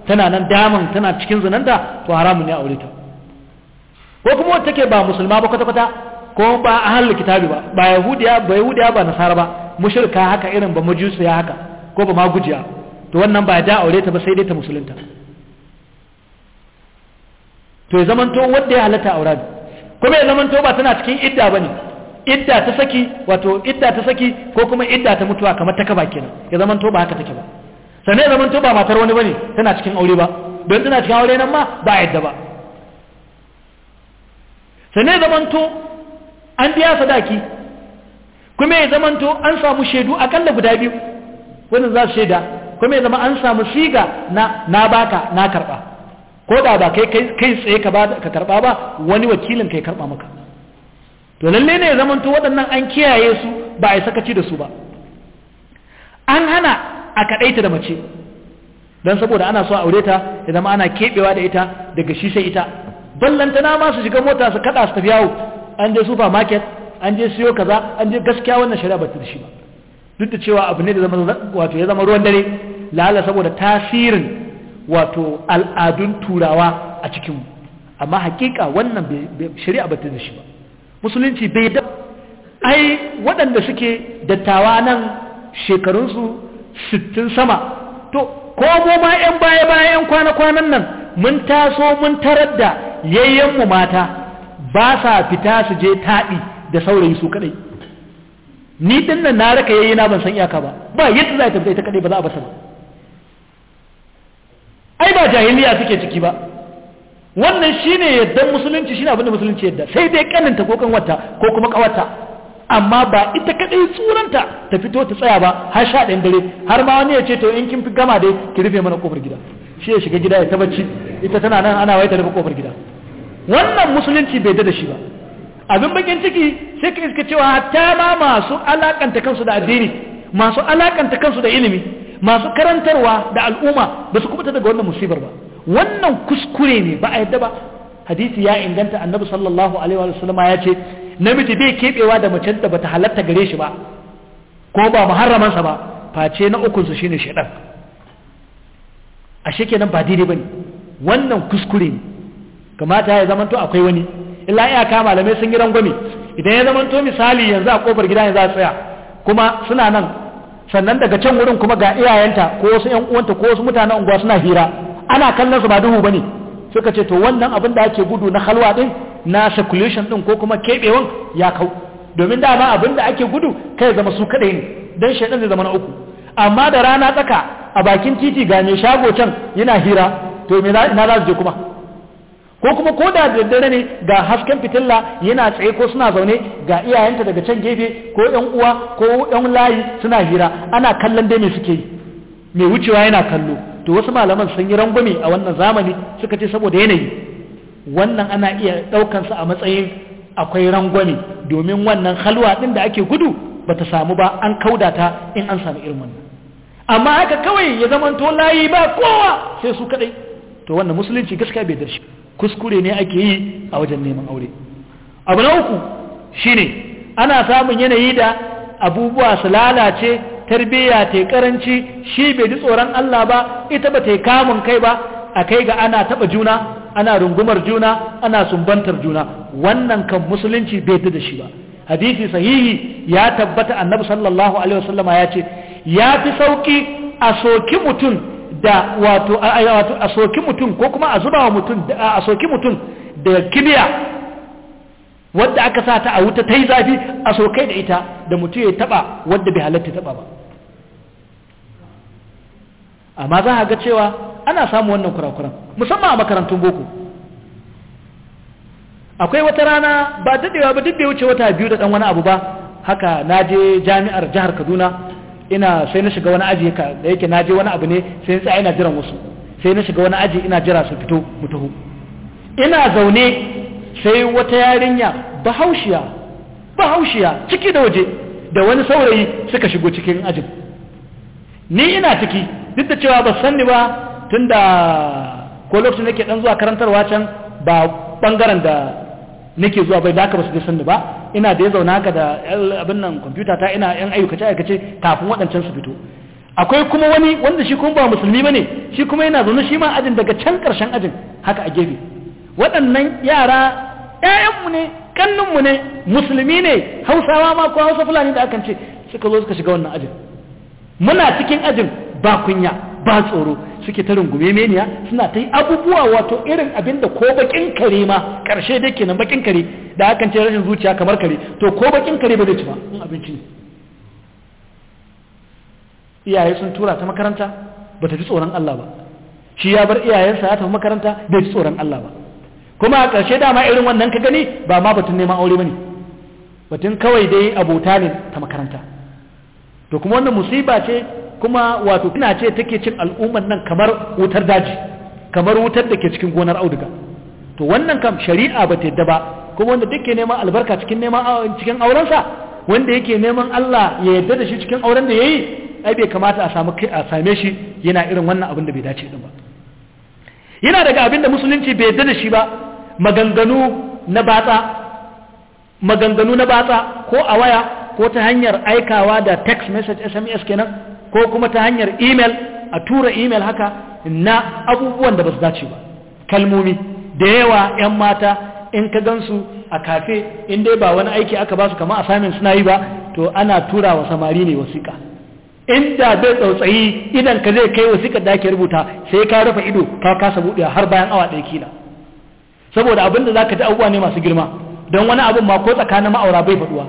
tana nan daman tana cikin zinanta to haramun ne aure ta ko kuma wadda take ba musulma ba kwata-kwata ko ba ahalul kitabi ba ba yahudiya ba yahudiya ba nasara ba mushrika haka irin ba majusiya haka ko ba magujiya to wannan ba da aure ta ba sai dai ta musulunta to ya zamanto wanda ya halatta aura kuma ya zamanto ba tana cikin idda bane idda ta saki wato idda ta saki ko kuma idda ta mutuwa kamar ta kaba kenan ya zamanto ba haka take ba sannan ya zamanto ba matar wani bane tana cikin aure ba don tana cikin aure nan ma ba yadda ba sannan ya zamanto an biya sadaki kuma ya zamanto an samu shaidu akalla guda biyu wannan za su shaida kuma ya zama an samu siga na na baka na karba ko da ba kai kai tsaye ka ka karba ba wani wakilin kai karba maka to lalle ne zaman to waɗannan an kiyaye su ba a sakaci da su ba an hana a kadaita da mace don saboda ana so a aure ta ya zama ana keɓewa da ita daga shi sai ita ballantana ma su shiga mota su kada su tafi yawo an je supermarket an je siyo kaza an je gaskiya wannan shari'a ba ta da ba duk da cewa abu ne da zama wato ya zama ruwan dare lala saboda tasirin wato al'adun turawa a cikin amma hakika wannan shari'a ba ta da shi ba musulunci bai da ai waɗanda suke dattawa nan shekarunsu sittin sama to ko mu ma 'yan baya 'yan kwana-kwanan nan mun taso mun tarar da yayyenmu mata ba sa fita su je taɗi da saurayi su kaɗai ni ɗin nan na raka yayyana ban san iyaka ba ba yadda za ta fita ita kaɗai ba za a basa ba ai ba jahiliya suke ciki ba wannan shine yaddan musulunci shine abin da musulunci yadda sai dai kaninta ko kanwata ko kuma kawata amma ba ita kadai tsuranta ta fito ta tsaya ba har sha dan dare har ma wani ya ce to in kin fi gama dai ki rufe mana kofar gida shi ya shiga gida ya ta bacci ita tana nan ana waye ta rufe kofar gida wannan musulunci bai da shi ba abin bakin ciki sai ka iska cewa hatta ma masu alakanta kansu da addini masu alakanta kansu da ilimi masu karantarwa da al'umma ba su kubuta daga wannan musibar ba wannan kuskure ne ba a yadda ba hadisi ya inganta annabi sallallahu alaihi wa sallam ya ce namiji bai kebewa da macen da bata halatta gare shi ba ko ba muharramansa ba face na ukun su shine shedan ashe kenan ba daidai bane wannan kuskure ne kamata ya zamanto akwai wani illa iyaka malamai sun yi rangwame idan ya zamanto misali yanzu a kofar gida ne za a tsaya kuma suna nan sannan daga can wurin kuma ga iyayenta ko wasu ƴan uwanta ko wasu mutanen unguwa suna hira ana kallon su ba duhu bane suka ce to wannan abin da ake gudu na halwa din na circulation din ko kuma kebewan ya kau domin dama abin da ake gudu kai zama su kadai ne dan shedan zai zama na uku amma da rana tsaka a bakin titi ga mai shago can yana hira to me na za su je kuma ko kuma ko da daddare ne ga hasken fitilla yana tsaye ko suna zaune ga iyayenta daga can gefe ko yan uwa ko yan layi suna hira ana kallon dai me suke yi mai wucewa yana kallo to wasu malaman sun yi rangwame a wannan zamani suka ce saboda yanayi wannan ana iya ɗaukansa a matsayin akwai rangwame domin wannan halwa ɗin da ake gudu ba ta samu ba an kauda ta in an samu irin wannan amma haka kawai ya zamanto layi ba kowa sai su kaɗai to wannan musulunci gaskiya bai da kuskure ne ake yi a wajen neman aure abu na uku shine ana samun yanayi da abubuwa su lalace tarbiyya ta karanci shi bai ji tsoron Allah ba ita ba ta kamun kai ba a kai ga ana taba juna ana rungumar juna ana sumbantar juna wannan kan musulunci bai da shi ba hadisi sahihi ya tabbata annabi sallallahu alaihi wasallama ya ce ya fi sauki a soki mutum da wato a soki mutum ko kuma a zuba wa mutum a soki mutum da kibiya wadda aka sa ta a wuta ta yi zafi a sokai da ita da mutum ya taba wadda bai halatta taba ba amma za a ga cewa ana samu wannan kurakuran musamman a makarantun boko akwai wata rana ba daɗewa ba duk da wuce wata biyu da ɗan wani abu ba haka na je jami'ar jihar kaduna ina sai na shiga wani aji da yake na je wani abu ne sai tsaya ina jiran wasu sai na shiga wani aji ina jira su fito mu taho ina zaune sai wata yarinya bahaushiya bahaushiya ciki da waje da wani saurayi suka shigo cikin ajin ni ina ciki duk da cewa ba san ni ba tunda ko lokacin nake dan zuwa karantarwa can ba bangaren da nake zuwa bai da aka ba su san ni ba ina da ya zauna ka da abin nan kwamfuta ta ina yan ayyukace aikace kafin waɗancan su fito akwai kuma wani wanda shi kuma ba musulmi ba ne shi kuma yana zaune shi ma ajin daga can ƙarshen ajin haka a gefe waɗannan yara ƴaƴanmu ne mu ne musulmi ne hausawa ma ko hausa fulani da akan ce suka zo suka shiga wannan ajin muna cikin ajin ba kunya ba tsoro suke ta rungume meniya suna ta yi abubuwa wato irin abin da ko bakin kare ma da dai kenan bakin kare da hakan ce rashin zuciya kamar kare to ko bakin kare ba zai ci ba in abinci ne iyaye sun tura ta makaranta ba ta ji tsoron Allah ba shi ya bar iyayensa ya tafi makaranta bai ji tsoron Allah ba kuma a ƙarshe dama irin wannan ka gani ba ma batun neman aure ba ne batun kawai dai abota ne ta makaranta to kuma wannan musiba ce kuma wato tana ce take cin al'umman nan kamar wutar daji kamar wutar da ke cikin gonar auduga to wannan kam shari'a ba ta yadda ba kuma wanda take neman albarka cikin neman cikin aurensa wanda yake neman Allah ya yadda da shi cikin auren da yayi ai bai kamata a samu a same shi yana irin wannan abin da bai dace din ba yana daga abin da musulunci bai yadda da shi ba maganganu na batsa maganganu na batsa ko a waya ko ta hanyar aikawa da text message sms kenan ko kuma ta hanyar email a tura email haka na abubuwan da ba su dace ba kalmomi da yawa 'yan mata in ka gansu a kafe in dai ba wani aiki aka ba su kama samun suna yi ba to ana tura wa samari ne wasiƙa inda bai tsautsayi idan ka zai kai wasiƙa da ake rubuta sai ka rufe ido ka kasa buɗewa har bayan awa ɗaya kila saboda abin da za ka ji abubuwa ne masu girma don wani abin ma ko tsakanin ma'aura bai faɗuwa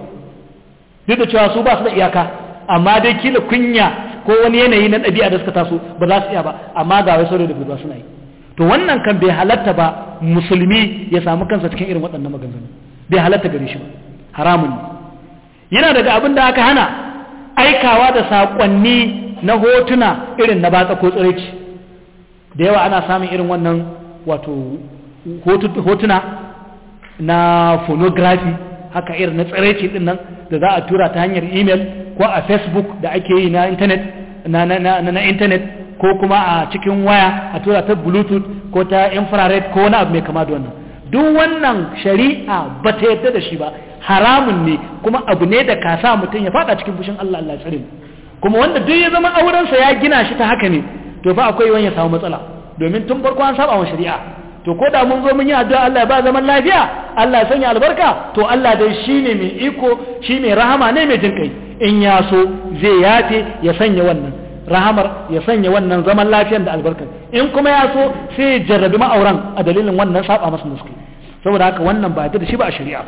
duk da cewa su ba su da iyaka amma dai kila kunya ko wani yanayi na ɗabi'a da suka taso ba za su iya ba amma ga wasu da ba suna yi to wannan kan bai halatta ba musulmi ya samu kansa cikin irin waɗannan maganganu bai halatta gare shi ba haramun ne yana daga abin da aka hana aikawa da saƙonni na hotuna irin na batsa ko tsiraici da yawa ana samun irin wannan wato hotuna na phonography haka irin na tsiraici din nan da za a tura ta hanyar email ko a facebook da ake yi na internet ko kuma a cikin waya a tura ta bluetooth ko ta infrared ko wani abu mai kama da wannan duk wannan shari'a ba ta yadda da shi ba haramun ne kuma abu ne da kasa mutum ya fada cikin fushin Allah Allah tsare kuma wanda duk ya zama aurensa ya gina shi ta haka ne to fa akwai wani ya samu matsala domin tun farko an saba wa shari'a to ko da mun zo mun yi addu'a Allah ya ba zaman lafiya Allah ya sanya albarka to Allah dai shine mai iko shi rahama ne mai jinkai in ya so zai yafe ya sanya wannan rahamar ya sanya wannan zaman lafiyar da albarkar in kuma ya so sai ya jarrabi ma'auran a dalilin wannan saba masa da saboda haka wannan ba da shi ba a shari'a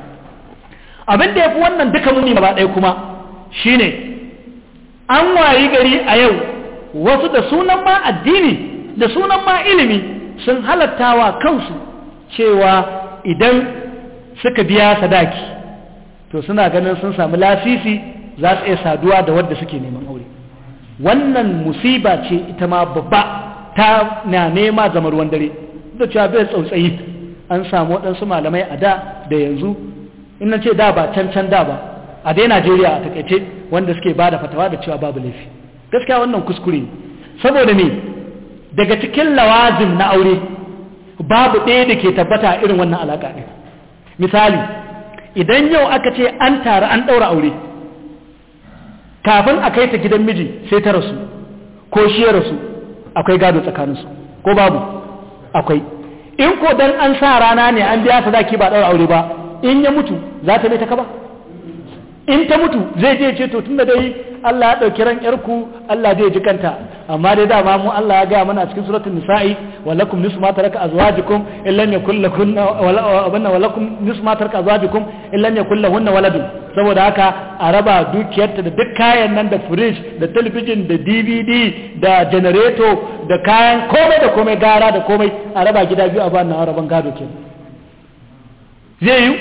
abin da ya fi wannan duka muni ba ɗaya kuma shine an wayi gari a yau wasu da sunan ma addini da sunan ma ilimi sun halattawa kansu cewa idan suka biya sadaki to suna ganin sun samu lasisi za su iya saduwa da wadda suke neman aure wannan musiba ce ita ma babba ta na nema zama ruwan dare da cewa bai tsautsayi an samu waɗansu malamai a da da yanzu Ina ce da ba can can da ba a dai najeriya a takaice wanda suke ba da fatawa da cewa babu laifi gaskiya wannan kuskure saboda me daga cikin lawazim na aure babu ɗaya da ke tabbata irin wannan alaƙa ne. misali idan yau aka ce an tara an ɗaura aure kafin a kai ta gidan miji sai ta rasu ko shi ya rasu akwai gado tsakaninsu ko babu akwai in ko dan an sa rana ne an biya ki ba ɗaura aure ba in ya mutu za ta bai ta kaba in ta mutu zai je ce to tun da dai Allah ya ɗauki ran yarku Allah zai ji kanta amma dai dama mu Allah ya gaya mana a cikin suratul nisa'i walakum nisfu ma taraka azwajukum in yakul lakunna wala walakum nisfu ma taraka azwajukum in yakul lahunna waladun saboda haka a raba dukiyarta da duk kayan nan da fridge da television da DVD da generator da kayan komai da komai gara da komai a raba gida biyu a ba na raban gado ke zai yi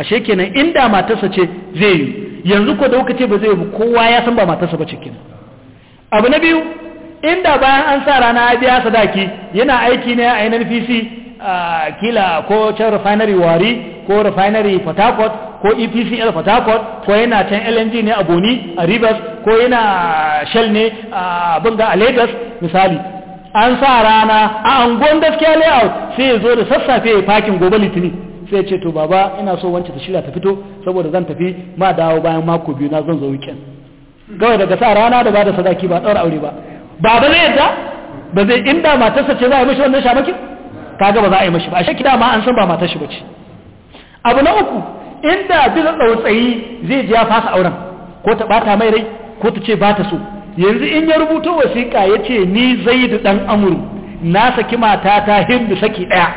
ashe kenan inda matarsa ce zai yi yanzu ko da kuka ce ba zai yi kowa ya san ba matarsa ba ce kenan abu na biyu inda bayan an sa rana biya sadaki yana aiki ne a nnpc a kila ko can refinery wari ko refinery port ko epcl port harcourt ko yana can lng ne a boni a rivers ko yana shell ne a bunga a lagos misali an sa rana a angon gaskiya layout sai ya zo da sassafe ya fakin gobe litini sai ya ce to baba ina so wancan ta shirya ta fito saboda zan tafi ma dawo bayan mako biyu na zan zo weekend kawai daga sa rana da ba da sadaki ba ɗaura aure ba ba ba zai yadda ba zai inda matarsa ce za a yi mashi wannan shamakin kaga ba za a yi mashi ba a shakida ma an san ba matar shi ba ce abu na uku inda bisa tsautsayi zai ji ya fasa auren ko ta bata mai rai ko ta ce ba so yanzu in ya rubuta wasiƙa ya ce ni zai da ɗan amuru na saki mata ta hindu saki ɗaya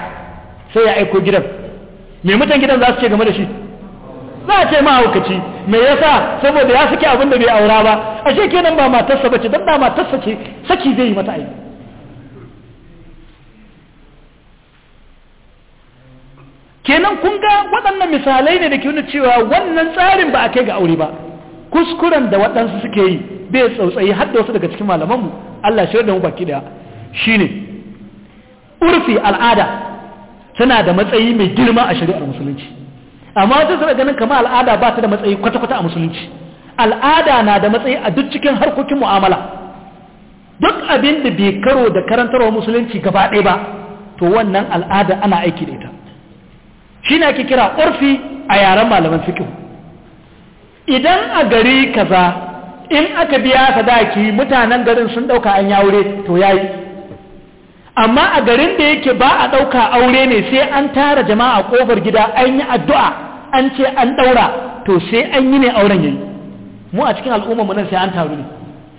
sai ya aiko gidan me mutan gidan za su ce game da shi za a ce mahaukaci me yasa saboda ya saki abin da bai aura ba ashe kenan ba matarsa bace dan da matarsa ce saki zai yi mata aiki kenan kun ga waɗannan misalai ne da ke cewa wannan tsarin ba a kai ga aure ba kuskuren da waɗansu suke yi bai tsautsayi har da wasu daga cikin malamanmu Allah shi da mu baki daya shine urfi al'ada tana da matsayi mai girma a shari'ar musulunci amma wasu suna ganin kama al'ada ba ta da matsayi kwata-kwata a musulunci al'ada na da matsayi a duk cikin harkokin mu'amala duk abin da bai karo da karantarwa musulunci gaba ɗaya ba to wannan al'ada ana aiki da ita shi ne ake kira ƙorfi a yaren malaman fikin idan a gari kaza in aka biya sadaki mutanen garin sun ɗauka an ya aure to ya yi amma a garin da yake ba a ɗauka aure ne sai an tara jama'a ƙofar gida an yi addu'a an ce an ɗaura to sai an yi ne auren yayi mu a cikin al'ummar mu nan sai an taru ne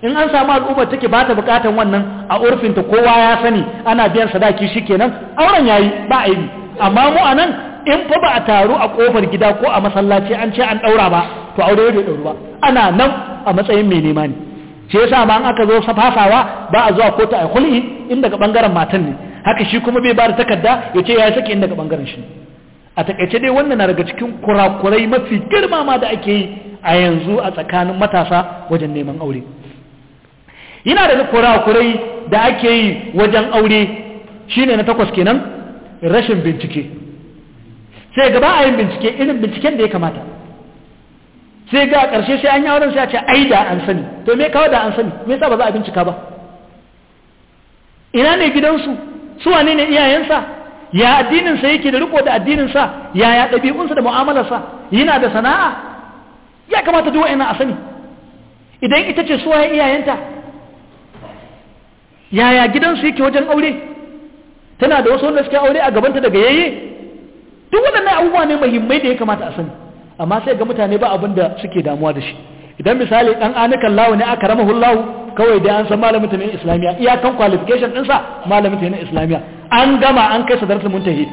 in an samu al'umma take ba ta bukatan wannan a ta kowa ya sani ana biyan sadaki shi kenan auren yayi ba a yi amma mu a nan in fa ba a taru a kofar gida ko a masallaci an ce an ɗaura ba to aure bai dauru ba ana nan a matsayin mai nema ne ce yasa ma an aka zo fasawa ba a zuwa kotu a hulhi in daga bangaren matan ne haka shi kuma bai ba da takarda ya ce ya saki in daga bangaren shi ne a takaice dai wannan na daga cikin kurakurai mafi girma ma da ake yi a yanzu a tsakanin matasa wajen neman aure yana da kurakurai da ake yi wajen aure shine na takwas kenan rashin bincike sai gaba a yin bincike irin binciken da ya kamata sai ga ƙarshe sai an yi auren sai a ce ai da an sani to me kawo da an sani me yasa ba za a bincika ba ina ne gidansu su wane ne iyayensa ya addininsa yake da riko da addininsa yaya ɗabi'unsa da mu'amalarsa yana da sana'a ya kamata duk wa'ina a sani idan ita ce suwa iyayenta yaya gidansu yake wajen aure tana da wasu wanda suke aure a gabanta daga yayye duk waɗannan abubuwa ne muhimmai da ya kamata a sani amma sai ga mutane ba abin da suke damuwa da shi idan misali ɗan anikan Lawu ne aka rama hullahu kawai da an san malamin tunanin islamiyya iyakan qualification ɗinsa malamin ne islamiyya an gama an kai sadaratul muntahi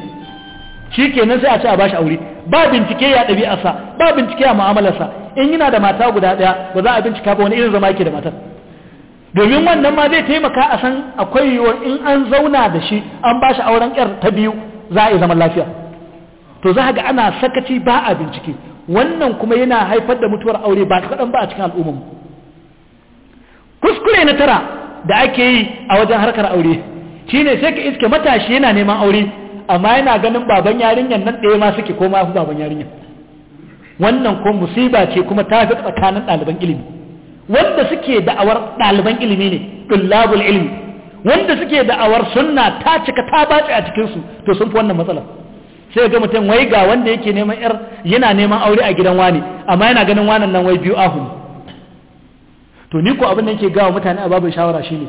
shikenan sai a ce a bashi aure ba bincike ya sa ba bincike a mu'amalarsa in yana da mata guda ɗaya ba za a bincika ba wani irin zama yake da matar domin wannan ma zai taimaka a san akwai yiwuwar in an zauna da shi an bashi auren yar ta biyu za a yi zaman lafiya to za ga ana sakaci ba a bincike wannan kuma yana haifar da mutuwar aure ba kaɗan ba a cikin al'ummar kuskure na tara da ake yi a wajen harkar aure ne sai ka iske matashi yana neman aure amma yana ganin baban yarinyar nan ɗaya ma suke ko ma fi baban yarinyar wannan ko musiba ce kuma ta fi tsakanin ɗaliban ilimi wanda suke da'awar ɗaliban ilimi ne ɗullabul ilimi wanda suke da'awar sunna ta cika ta bace a cikin su to sun fi wannan matsalar sai ga mutum wai ga wanda yake neman yar yana neman aure a gidan wani amma yana ganin wanan nan wai biyu ahu to ni ko abin da yake gawa mutane a babin shawara shine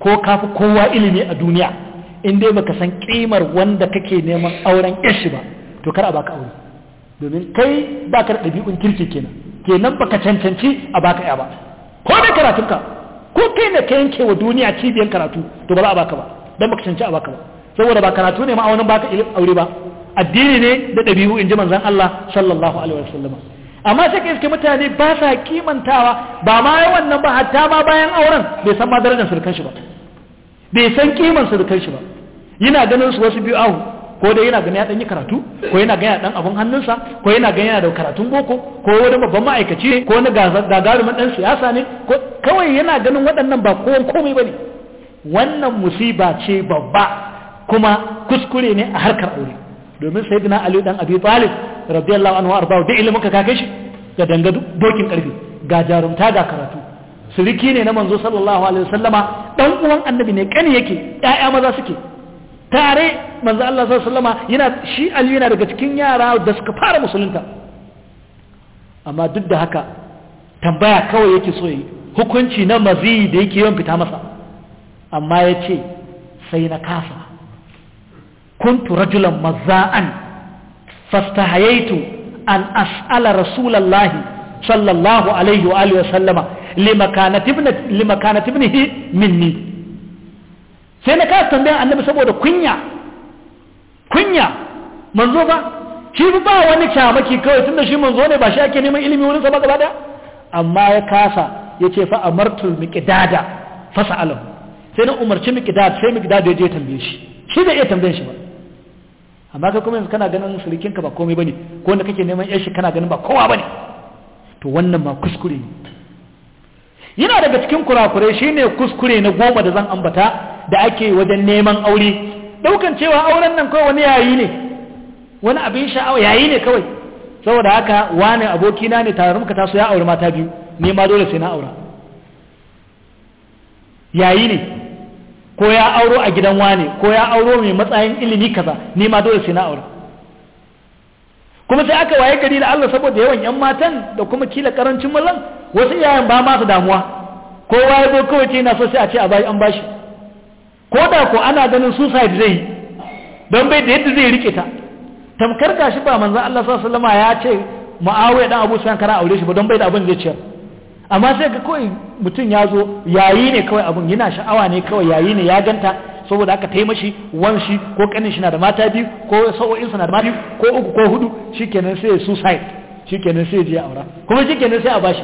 ko kafi kowa ilimi a duniya in dai baka san kimar wanda kake neman auren yashi ba to kar a baka aure domin kai baka da ɗabi'un kirki kenan kenan baka cancanci a baka ya ba ko da ka ko kai ne ka yanke wa duniya cibiyar karatu to ba za a baka ba dan baka cancanci a baka ba saboda ba karatu ne ma'aunin baka aure ba addini ne da ɗabi'u in ji manzon Allah sallallahu alaihi wasallam amma sai kai iske mutane ba sa kimantawa ba ma wannan ba hatta ma bayan auren bai san ma darajar surkan shi ba bai san kiman da shi ba yana ganin su wasu biyu ahu ko dai yana ganin ya dan yi karatu ko yana ganin ya dan abun hannunsa ko yana ganin yana da karatun boko ko wani babban ma'aikaci ko wani gagarumin dan siyasa ne ko kawai yana ganin waɗannan ba kowa komai bane wannan musiba ce babba kuma kuskure ne a harkar aure domin sayyidina ali dan abi talib radiyallahu anhu arba da ilmin ka kake shi da danga dokin karfi ga jarumta ga karatu suriki ne na manzo sallallahu alaihi wasallama dan uwan annabi ne kani yake ƴaƴa maza suke tare manzo Allah sallallahu alaihi wasallama yana shi Ali yana daga cikin yara da suka fara musulunta amma duk da haka tambaya kawai yake so yi hukunci na mazi da yake yawan fita masa amma ya ce sai na kasa kuntu rajulan maza'an fastahayaitu an as'ala rasulallahi sallallahu alaihi wa alihi wa sallama limakana ibnihi minni sai na kasa tambayan annabi saboda kunya kunya manzo ba shi ba wani kyamaki kawai tunda shi manzo ne ba shi ake neman ilimi wurin sa ba gaba daya amma ya kasa ya ce fa amartul miqdada fasalahu sai na umarci miqdada sai miqdada ya je tambaye shi shi da iya tambayan shi ba amma kai kuma yanzu kana ganin surukinka ba komai bane ko wanda kake neman yashi kana ganin ba kowa bane to wannan ma kuskure ne yana daga cikin kurakurai shine kuskure na goma da zan ambata da ake wajen neman aure daukan cewa auren nan kawai wani yayi ne wani abin sha'awa yayi ne kawai saboda haka wani abokina ne tare muka taso ya aure mata biyu ne ma dole sai na aura yayi ne ko ya auro a gidan wani ko ya auro mai matsayin ilimi kaza ne ma dole sai na aura kuma sai aka waye gari da Allah saboda yawan yan matan da kuma kila karancin mallan wasu iyayen ba masu damuwa kowa ya zo kawai ce na so sai a ce a bayi an bashi ko da ko ana ganin suicide zai yi don bai da yadda zai rike ta tamkar gashi ba manzan Allah sallallahu alaihi ya ce mu'awiya dan Abu Sufyan kana aure shi ba don bai da abin zai ciyar amma sai ga kawai mutum ya zo yayi ne kawai abin yana sha'awa ne kawai yayi ne ya ganta saboda aka tai mashi wan shi ko kanin shi na da mata biyu ko sa'o'in sa na da mata biyu ko uku ko hudu shikenan sai suicide shikenan sai ya aura kuma shikenan sai a bashi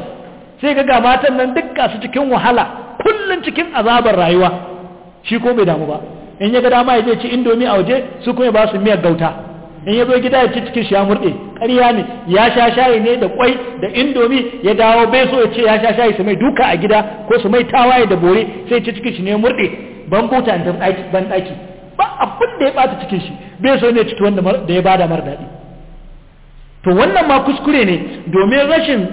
sai ga ga matan nan dukka su cikin wahala kullun cikin azabar rayuwa shi ko bai damu ba in ya ga dama ya je ci indomi a waje su kuma ba su miyar gauta in ya zo gida ya ci cikin shi ya murɗe ƙarya ne ya sha shayi ne da kwai da indomi ya dawo bai so ya ce ya sha shayi su mai duka a gida ko su mai tawaye da bore sai ci cikin shi ne murɗe ban kuta in ban ɗaki ba abin da ya bata cikin shi bai so ne ciki wanda da ya bada mara daɗi to wannan ma kuskure ne domin rashin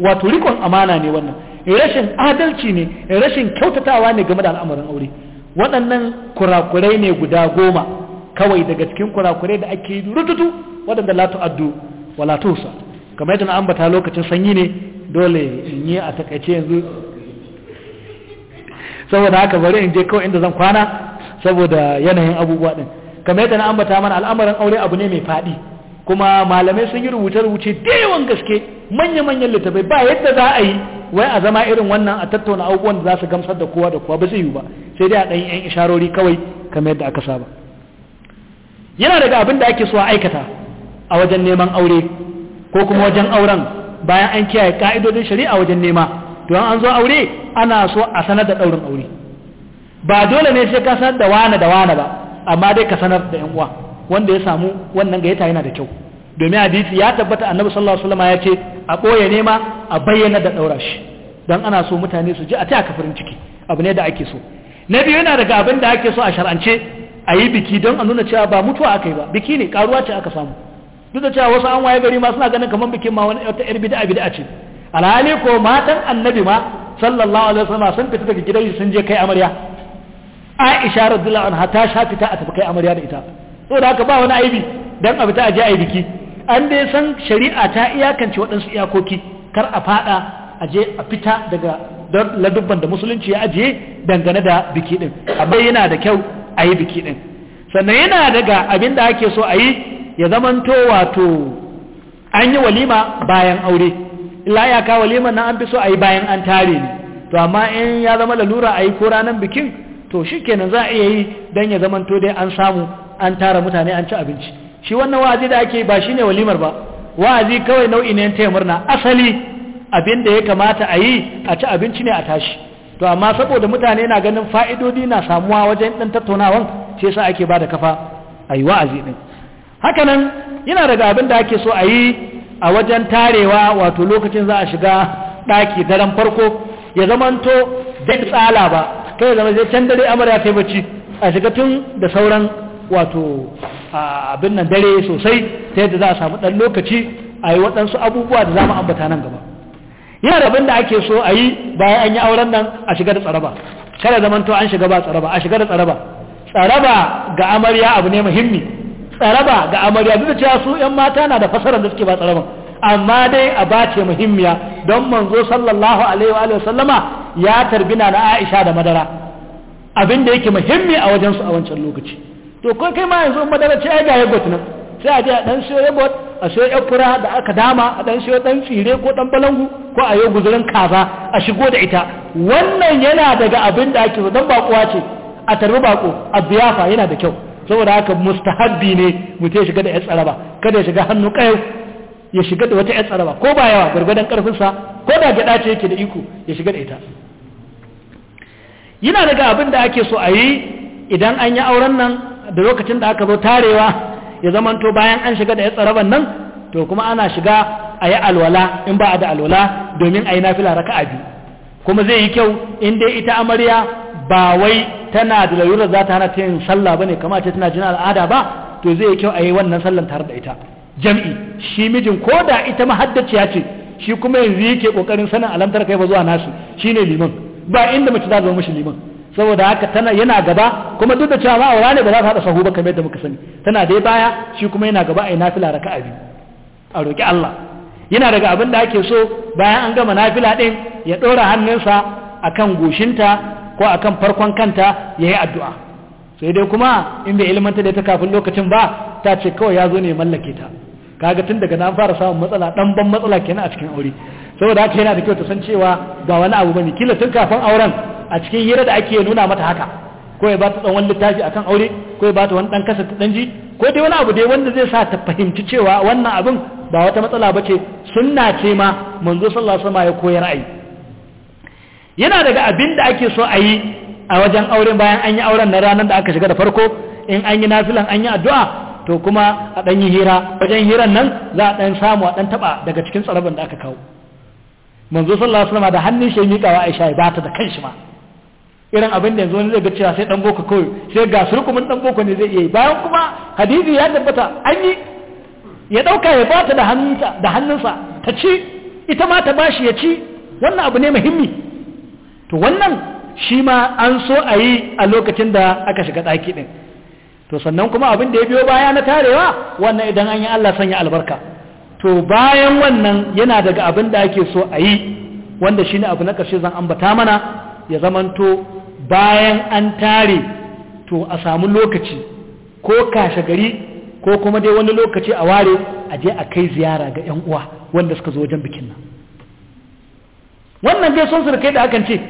wato rikon amana ne wannan rashin adalci ne rashin kyautatawa ne game da al'amarin aure waɗannan kurakurai ne guda goma kawai daga cikin kurakurai da ake rututu waɗanda latu addu wa latu tuhsa kamar yadda na ambata lokacin sanyi ne dole in yi a takaice yanzu saboda haka bari in je kawai inda zan kwana saboda yanayin abubuwa din kamar yadda na ambata mana al'amarin aure abu ne mai faɗi kuma malamai sun yi rubuce-rubuce da yawan gaske manya-manyan littafai ba yadda za a yi wai a zama irin wannan a tattauna abubuwan da za su gamsar da kowa da kowa ba zai yi ba sai dai a ɗan yan isharori kawai kamar yadda aka saba yana daga abin da ake so a aikata a wajen neman aure ko kuma wajen auren bayan an kiyaye ka'idodin shari'a wajen nema to an zo aure ana so a sanar da ɗaurin aure ba dole ne sai ka sanar da wane da wane ba amma dai ka sanar da yan uwa wanda ya samu wannan gayyata yana da kyau domin hadisi ya tabbata annabi sallallahu alaihi wasallam ya ce a ɓoye nema a bayyana da ɗaura shi don ana so mutane su ji a ta kafirin ciki abu ne da ake so na biyu yana daga abin da ake so a shar'ance a yi biki don a nuna cewa ba mutuwa aka yi ba biki ne karuwa ce aka samu duk da cewa wasu an waye gari ma suna ganin kamar bikin ma wani wata yar bid'a bid'a ce alhali ko matan annabi ma sallallahu alaihi wasallam sun fita daga gidan sun je kai amarya Aisha radhiyallahu anha ta sha fita a tafi kai amarya da ita so da haka ba wani aibi dan a fita a je a biki an dai san shari'a ta iyakance waɗansu iyakoki kar a fada a je a fita daga ladubban da musulunci ya ajiye dangane da biki din amma yana da kyau a yi biki din sannan yana daga abin da ake so a yi ya zamanto wato an yi walima bayan aure illa ya ka walima na an fi so a yi bayan an tare ne to amma in ya zama lalura a yi ko ranar bikin to shi kenan za a iya yi dan ya zamanto dai an samu an tara mutane an ci abinci shi wannan wa'azi da ake ba shine walimar ba wa'azi kawai nau'i ne ta murna asali abin da ya kamata a yi a ci abinci ne a tashi to amma saboda mutane na ganin fa'idodi na samuwa wajen dan tattaunawa sai sa ake bada kafa a yi wa'azi din hakanan yana daga abin da ake so a yi a wajen tarewa wato lokacin za a shiga ɗaki daren farko ya zamanto da tsala ba kai zama zai can dare amarya ta yi bacci a shiga tun da sauran wato abin nan dare sosai ta yadda za a samu ɗan lokaci a yi waɗansu abubuwa da za mu ambata nan gaba yana da da ake so a yi bayan an yi auren nan a shiga da tsaraba kada zaman to an shiga ba tsaraba a shiga da tsaraba tsaraba ga amarya abu ne muhimmi tsaraba ga amarya duk da cewa su yan mata na da fasarar da suke ba tsaraba amma dai a bace muhimmiya don manzo sallallahu alaihi wa sallama ya tarbina na Aisha da madara abin da yake muhimmi a wajen su a wancan lokaci to ko kai ma yanzu madara ce ai ga yogurt nan sai a je a dan siyo yogurt a siyo yar fura da aka dama a dan siyo dan tsire ko dan balangu ko a yau guzurin kaza a shigo da ita wannan yana daga abin da ake so dan bakuwa ce a tarbi bako a biyafa yana da kyau saboda haka mustahabbi ne mutum ya shiga da 'yan tsaraba kada ya shiga hannu kayo ya shiga da wata 'yan tsaraba ko ba yawa gwargwadon sa ko da gyaɗa ce yake da iko ya shiga da ita yana daga abin da ake so a yi idan an yi auren nan da lokacin da aka zo tarewa ya zamanto bayan an shiga da ya tsaraban nan to kuma ana shiga a yi alwala in ba a da alwala domin a yi nafila raka a biyu kuma zai yi kyau in dai ita amarya ba wai tana da lalurar za ta hana ta yin sallah ba ne kama ce tana jin al'ada ba to zai yi kyau a yi wannan sallan tare da ita jam'i shi mijin ko da ita mahaddaciya ce shi kuma yanzu yake kokarin sanin alamtar kai ba zuwa nasu shine liman ba inda mace za ta zama mishi liman saboda haka tana yana gaba kuma duk da cewa ma aure ne ba za ta haɗa sahu ba kamar yadda muka sani tana dai baya shi kuma yana gaba a yi nafila raka'a biyu a roƙi Allah yana daga abin da ake so bayan an gama nafila din ya ɗora hannunsa akan goshinta ko akan farkon kanta ya yi addu'a sai dai kuma in bai ilmanta da ta kafin lokacin ba ta ce kawai ya zo ne ya mallake ta kaga tun daga na fara samun matsala ɗan ban matsala kenan a cikin aure saboda haka yana da kyau ta san cewa ba wani abu bane kila tun kafin auren a cikin hira da ake nuna mata haka ko ya ba ta wani littafi akan aure ko ya ba ta wani dan kasa dan ji ko dai wani abu dai wanda zai sa ta fahimci cewa wannan abin ba wata matsala bace sunna ce ma manzo sallallahu alaihi wasallam ya koyar ai yana daga abin da ake so a yi a wajen auren bayan an yi auren na ranar da aka shiga da farko in an yi nafilan an yi addu'a to kuma a ɗan yi hira wajen hiran nan za a ɗan samu a ɗan taɓa daga cikin tsarabin da aka kawo manzo sallallahu alaihi wasallam da hannun shi mika wa Aisha ya bata da kanshi ma irin abin da yanzu wani zai ga cewa sai dan boko kawai sai ga surkumin dan boko ne zai iya yi bayan kuma hadisi ya tabbata an yi ya dauka ya bata da hannunsa da hannunsa ta ci ita ma ta bashi ya ci wannan abu ne muhimmi to wannan shi ma an so a yi a lokacin da aka shiga ɗaki ɗin to sannan kuma abin da ya biyo baya na tarewa wannan idan an yi Allah sanya albarka to bayan wannan yana daga abin da ake so a yi wanda shi ne abu na ƙarshe zan ambata mana ya zamanto bayan an tare to a samu lokaci ko kashe gari ko kuma dai wani lokaci a ware a je a kai ziyara ga 'yan uwa wanda suka zo wajen bikin nan wannan dai sun surkai da akan ce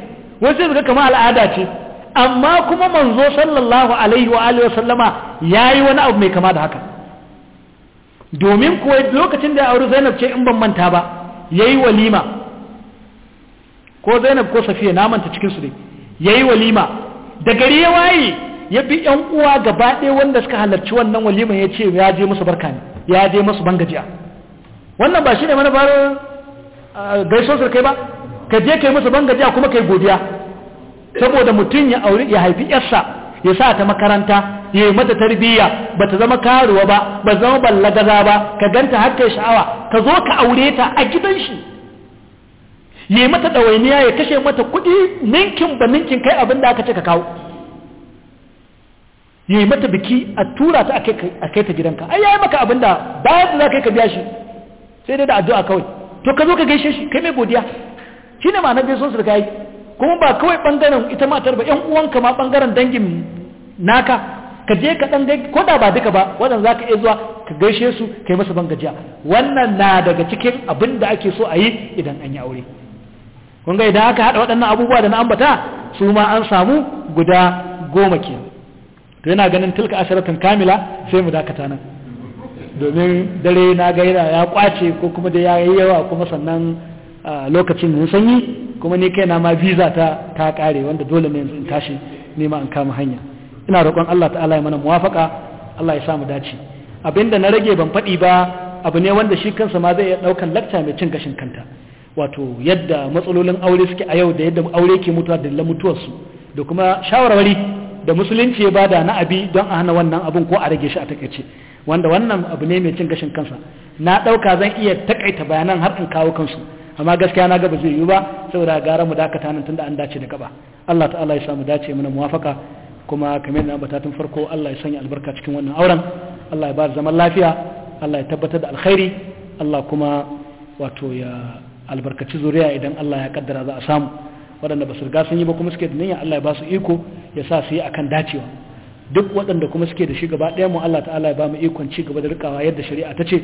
wasu sai kama al'ada ce amma kuma manzo sallallahu alaihi wa alihi wa sallama yayi wani abu mai kama da haka domin kuwa lokacin da ya auri zainab ce in ban manta ba ya yi walima ko zainab ko safiya na manta cikinsu ne ya yi walima da gari ya waye ya bi yan uwa gaba ɗaya wanda suka halarci wannan walima ya ce ya je musu barka ne ya je musu bangajiya wannan ba shi ne bar gaisuwar kai ba ka je kai musu bangajiya kuma kai godiya saboda mutum ya auri ya haifi yarsa ya sa ta makaranta yayi mata tarbiyya ta zama karuwa ba ba zama ballagaza ba ka ganta har kai sha'awa ka zo ka aure ta a gidan shi yayi mata dawainiya ya kashe mata kuɗi ninkin ba ninkin kai abin da aka ce ka kawo yayi mata biki a tura ta a kai ta gidanka ai yayi maka abin da bayan da za ka yi ka biya shi sai dai da addu'a kawai to ka zo ka gaishe shi kai mai godiya shine ma na gaison su da kai kuma ba kawai bangaren ita matar ba yan uwanka ma bangaren dangin naka ka je ka ɗan ko da ba duka ba wannan ka iya zuwa ka gaishe su ka yi masa ban gajiya wannan na daga cikin abin da ake so a yi idan an yi aure kun ga idan aka haɗa waɗannan abubuwa da na ambata su ma an samu guda goma ke to yana ganin tilka asharatin kamila sai mu dakata nan domin dare na ga yana ya kwace ko kuma da ya yi yawa kuma sannan lokacin mun sanyi kuma ni kaina ma visa ta ta kare wanda dole ne in tashi nema an kama hanya ina roƙon Allah ta'ala ya mana muwafaka Allah ya sa mu dace abinda na rage ban faɗi ba abu ne wanda shi kansa ma zai iya ɗaukan lakta mai cin gashin kanta wato yadda matsalolin aure suke a yau da yadda aure ke mutuwa da mutuwar su da kuma shawarwari da musulunci ya bada na abi don a hana wannan abun ko a rage shi a takaice wanda wannan abu ne mai cin gashin kansa na ɗauka zan iya takaita bayanan har in kawo kansu amma gaskiya na gaba zai yiwu ba saboda gara mu dakata nan tunda an dace da gaba Allah ta'ala ya samu dace mana muwafaka kuma kamar yadda ambata tun farko Allah ya sanya albarka cikin wannan auren Allah ya ba zaman lafiya Allah ya tabbatar da alkhairi Allah kuma wato ya albarkaci zuriya idan Allah ya kaddara za a samu waɗanda ba su riga sun yi ba kuma suke da niyya Allah ya ba su iko ya sa su yi akan dacewa duk waɗanda kuma suke da shi gaba ɗaya mu Allah ta'ala ya ba mu ikon ci gaba da rikawa yadda shari'a ta ce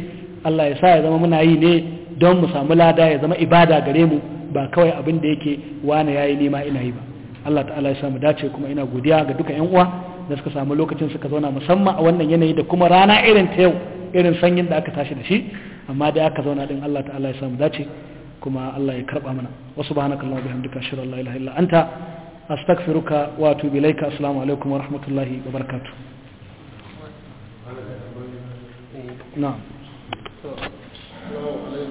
Allah ya sa ya zama muna yi ne don mu samu lada ya zama ibada gare mu ba kawai abin da yake wane yayi nema ina yi ba Allah ta'ala ya samu dace kuma ina godiya ga duka yan uwa da suka samu lokacin suka zauna musamman a wannan yanayi da kuma rana irin ta yau irin sanyin da aka tashi da shi amma da aka zauna din Allah ta'ala ya samu dace kuma Allah ya karba mana wa subhanakallahumma bihamdika ashhadu an la ilaha illa anta astaghfiruka wa atubu ilaika assalamu alaikum wa rahmatullahi wa barakatuh na'am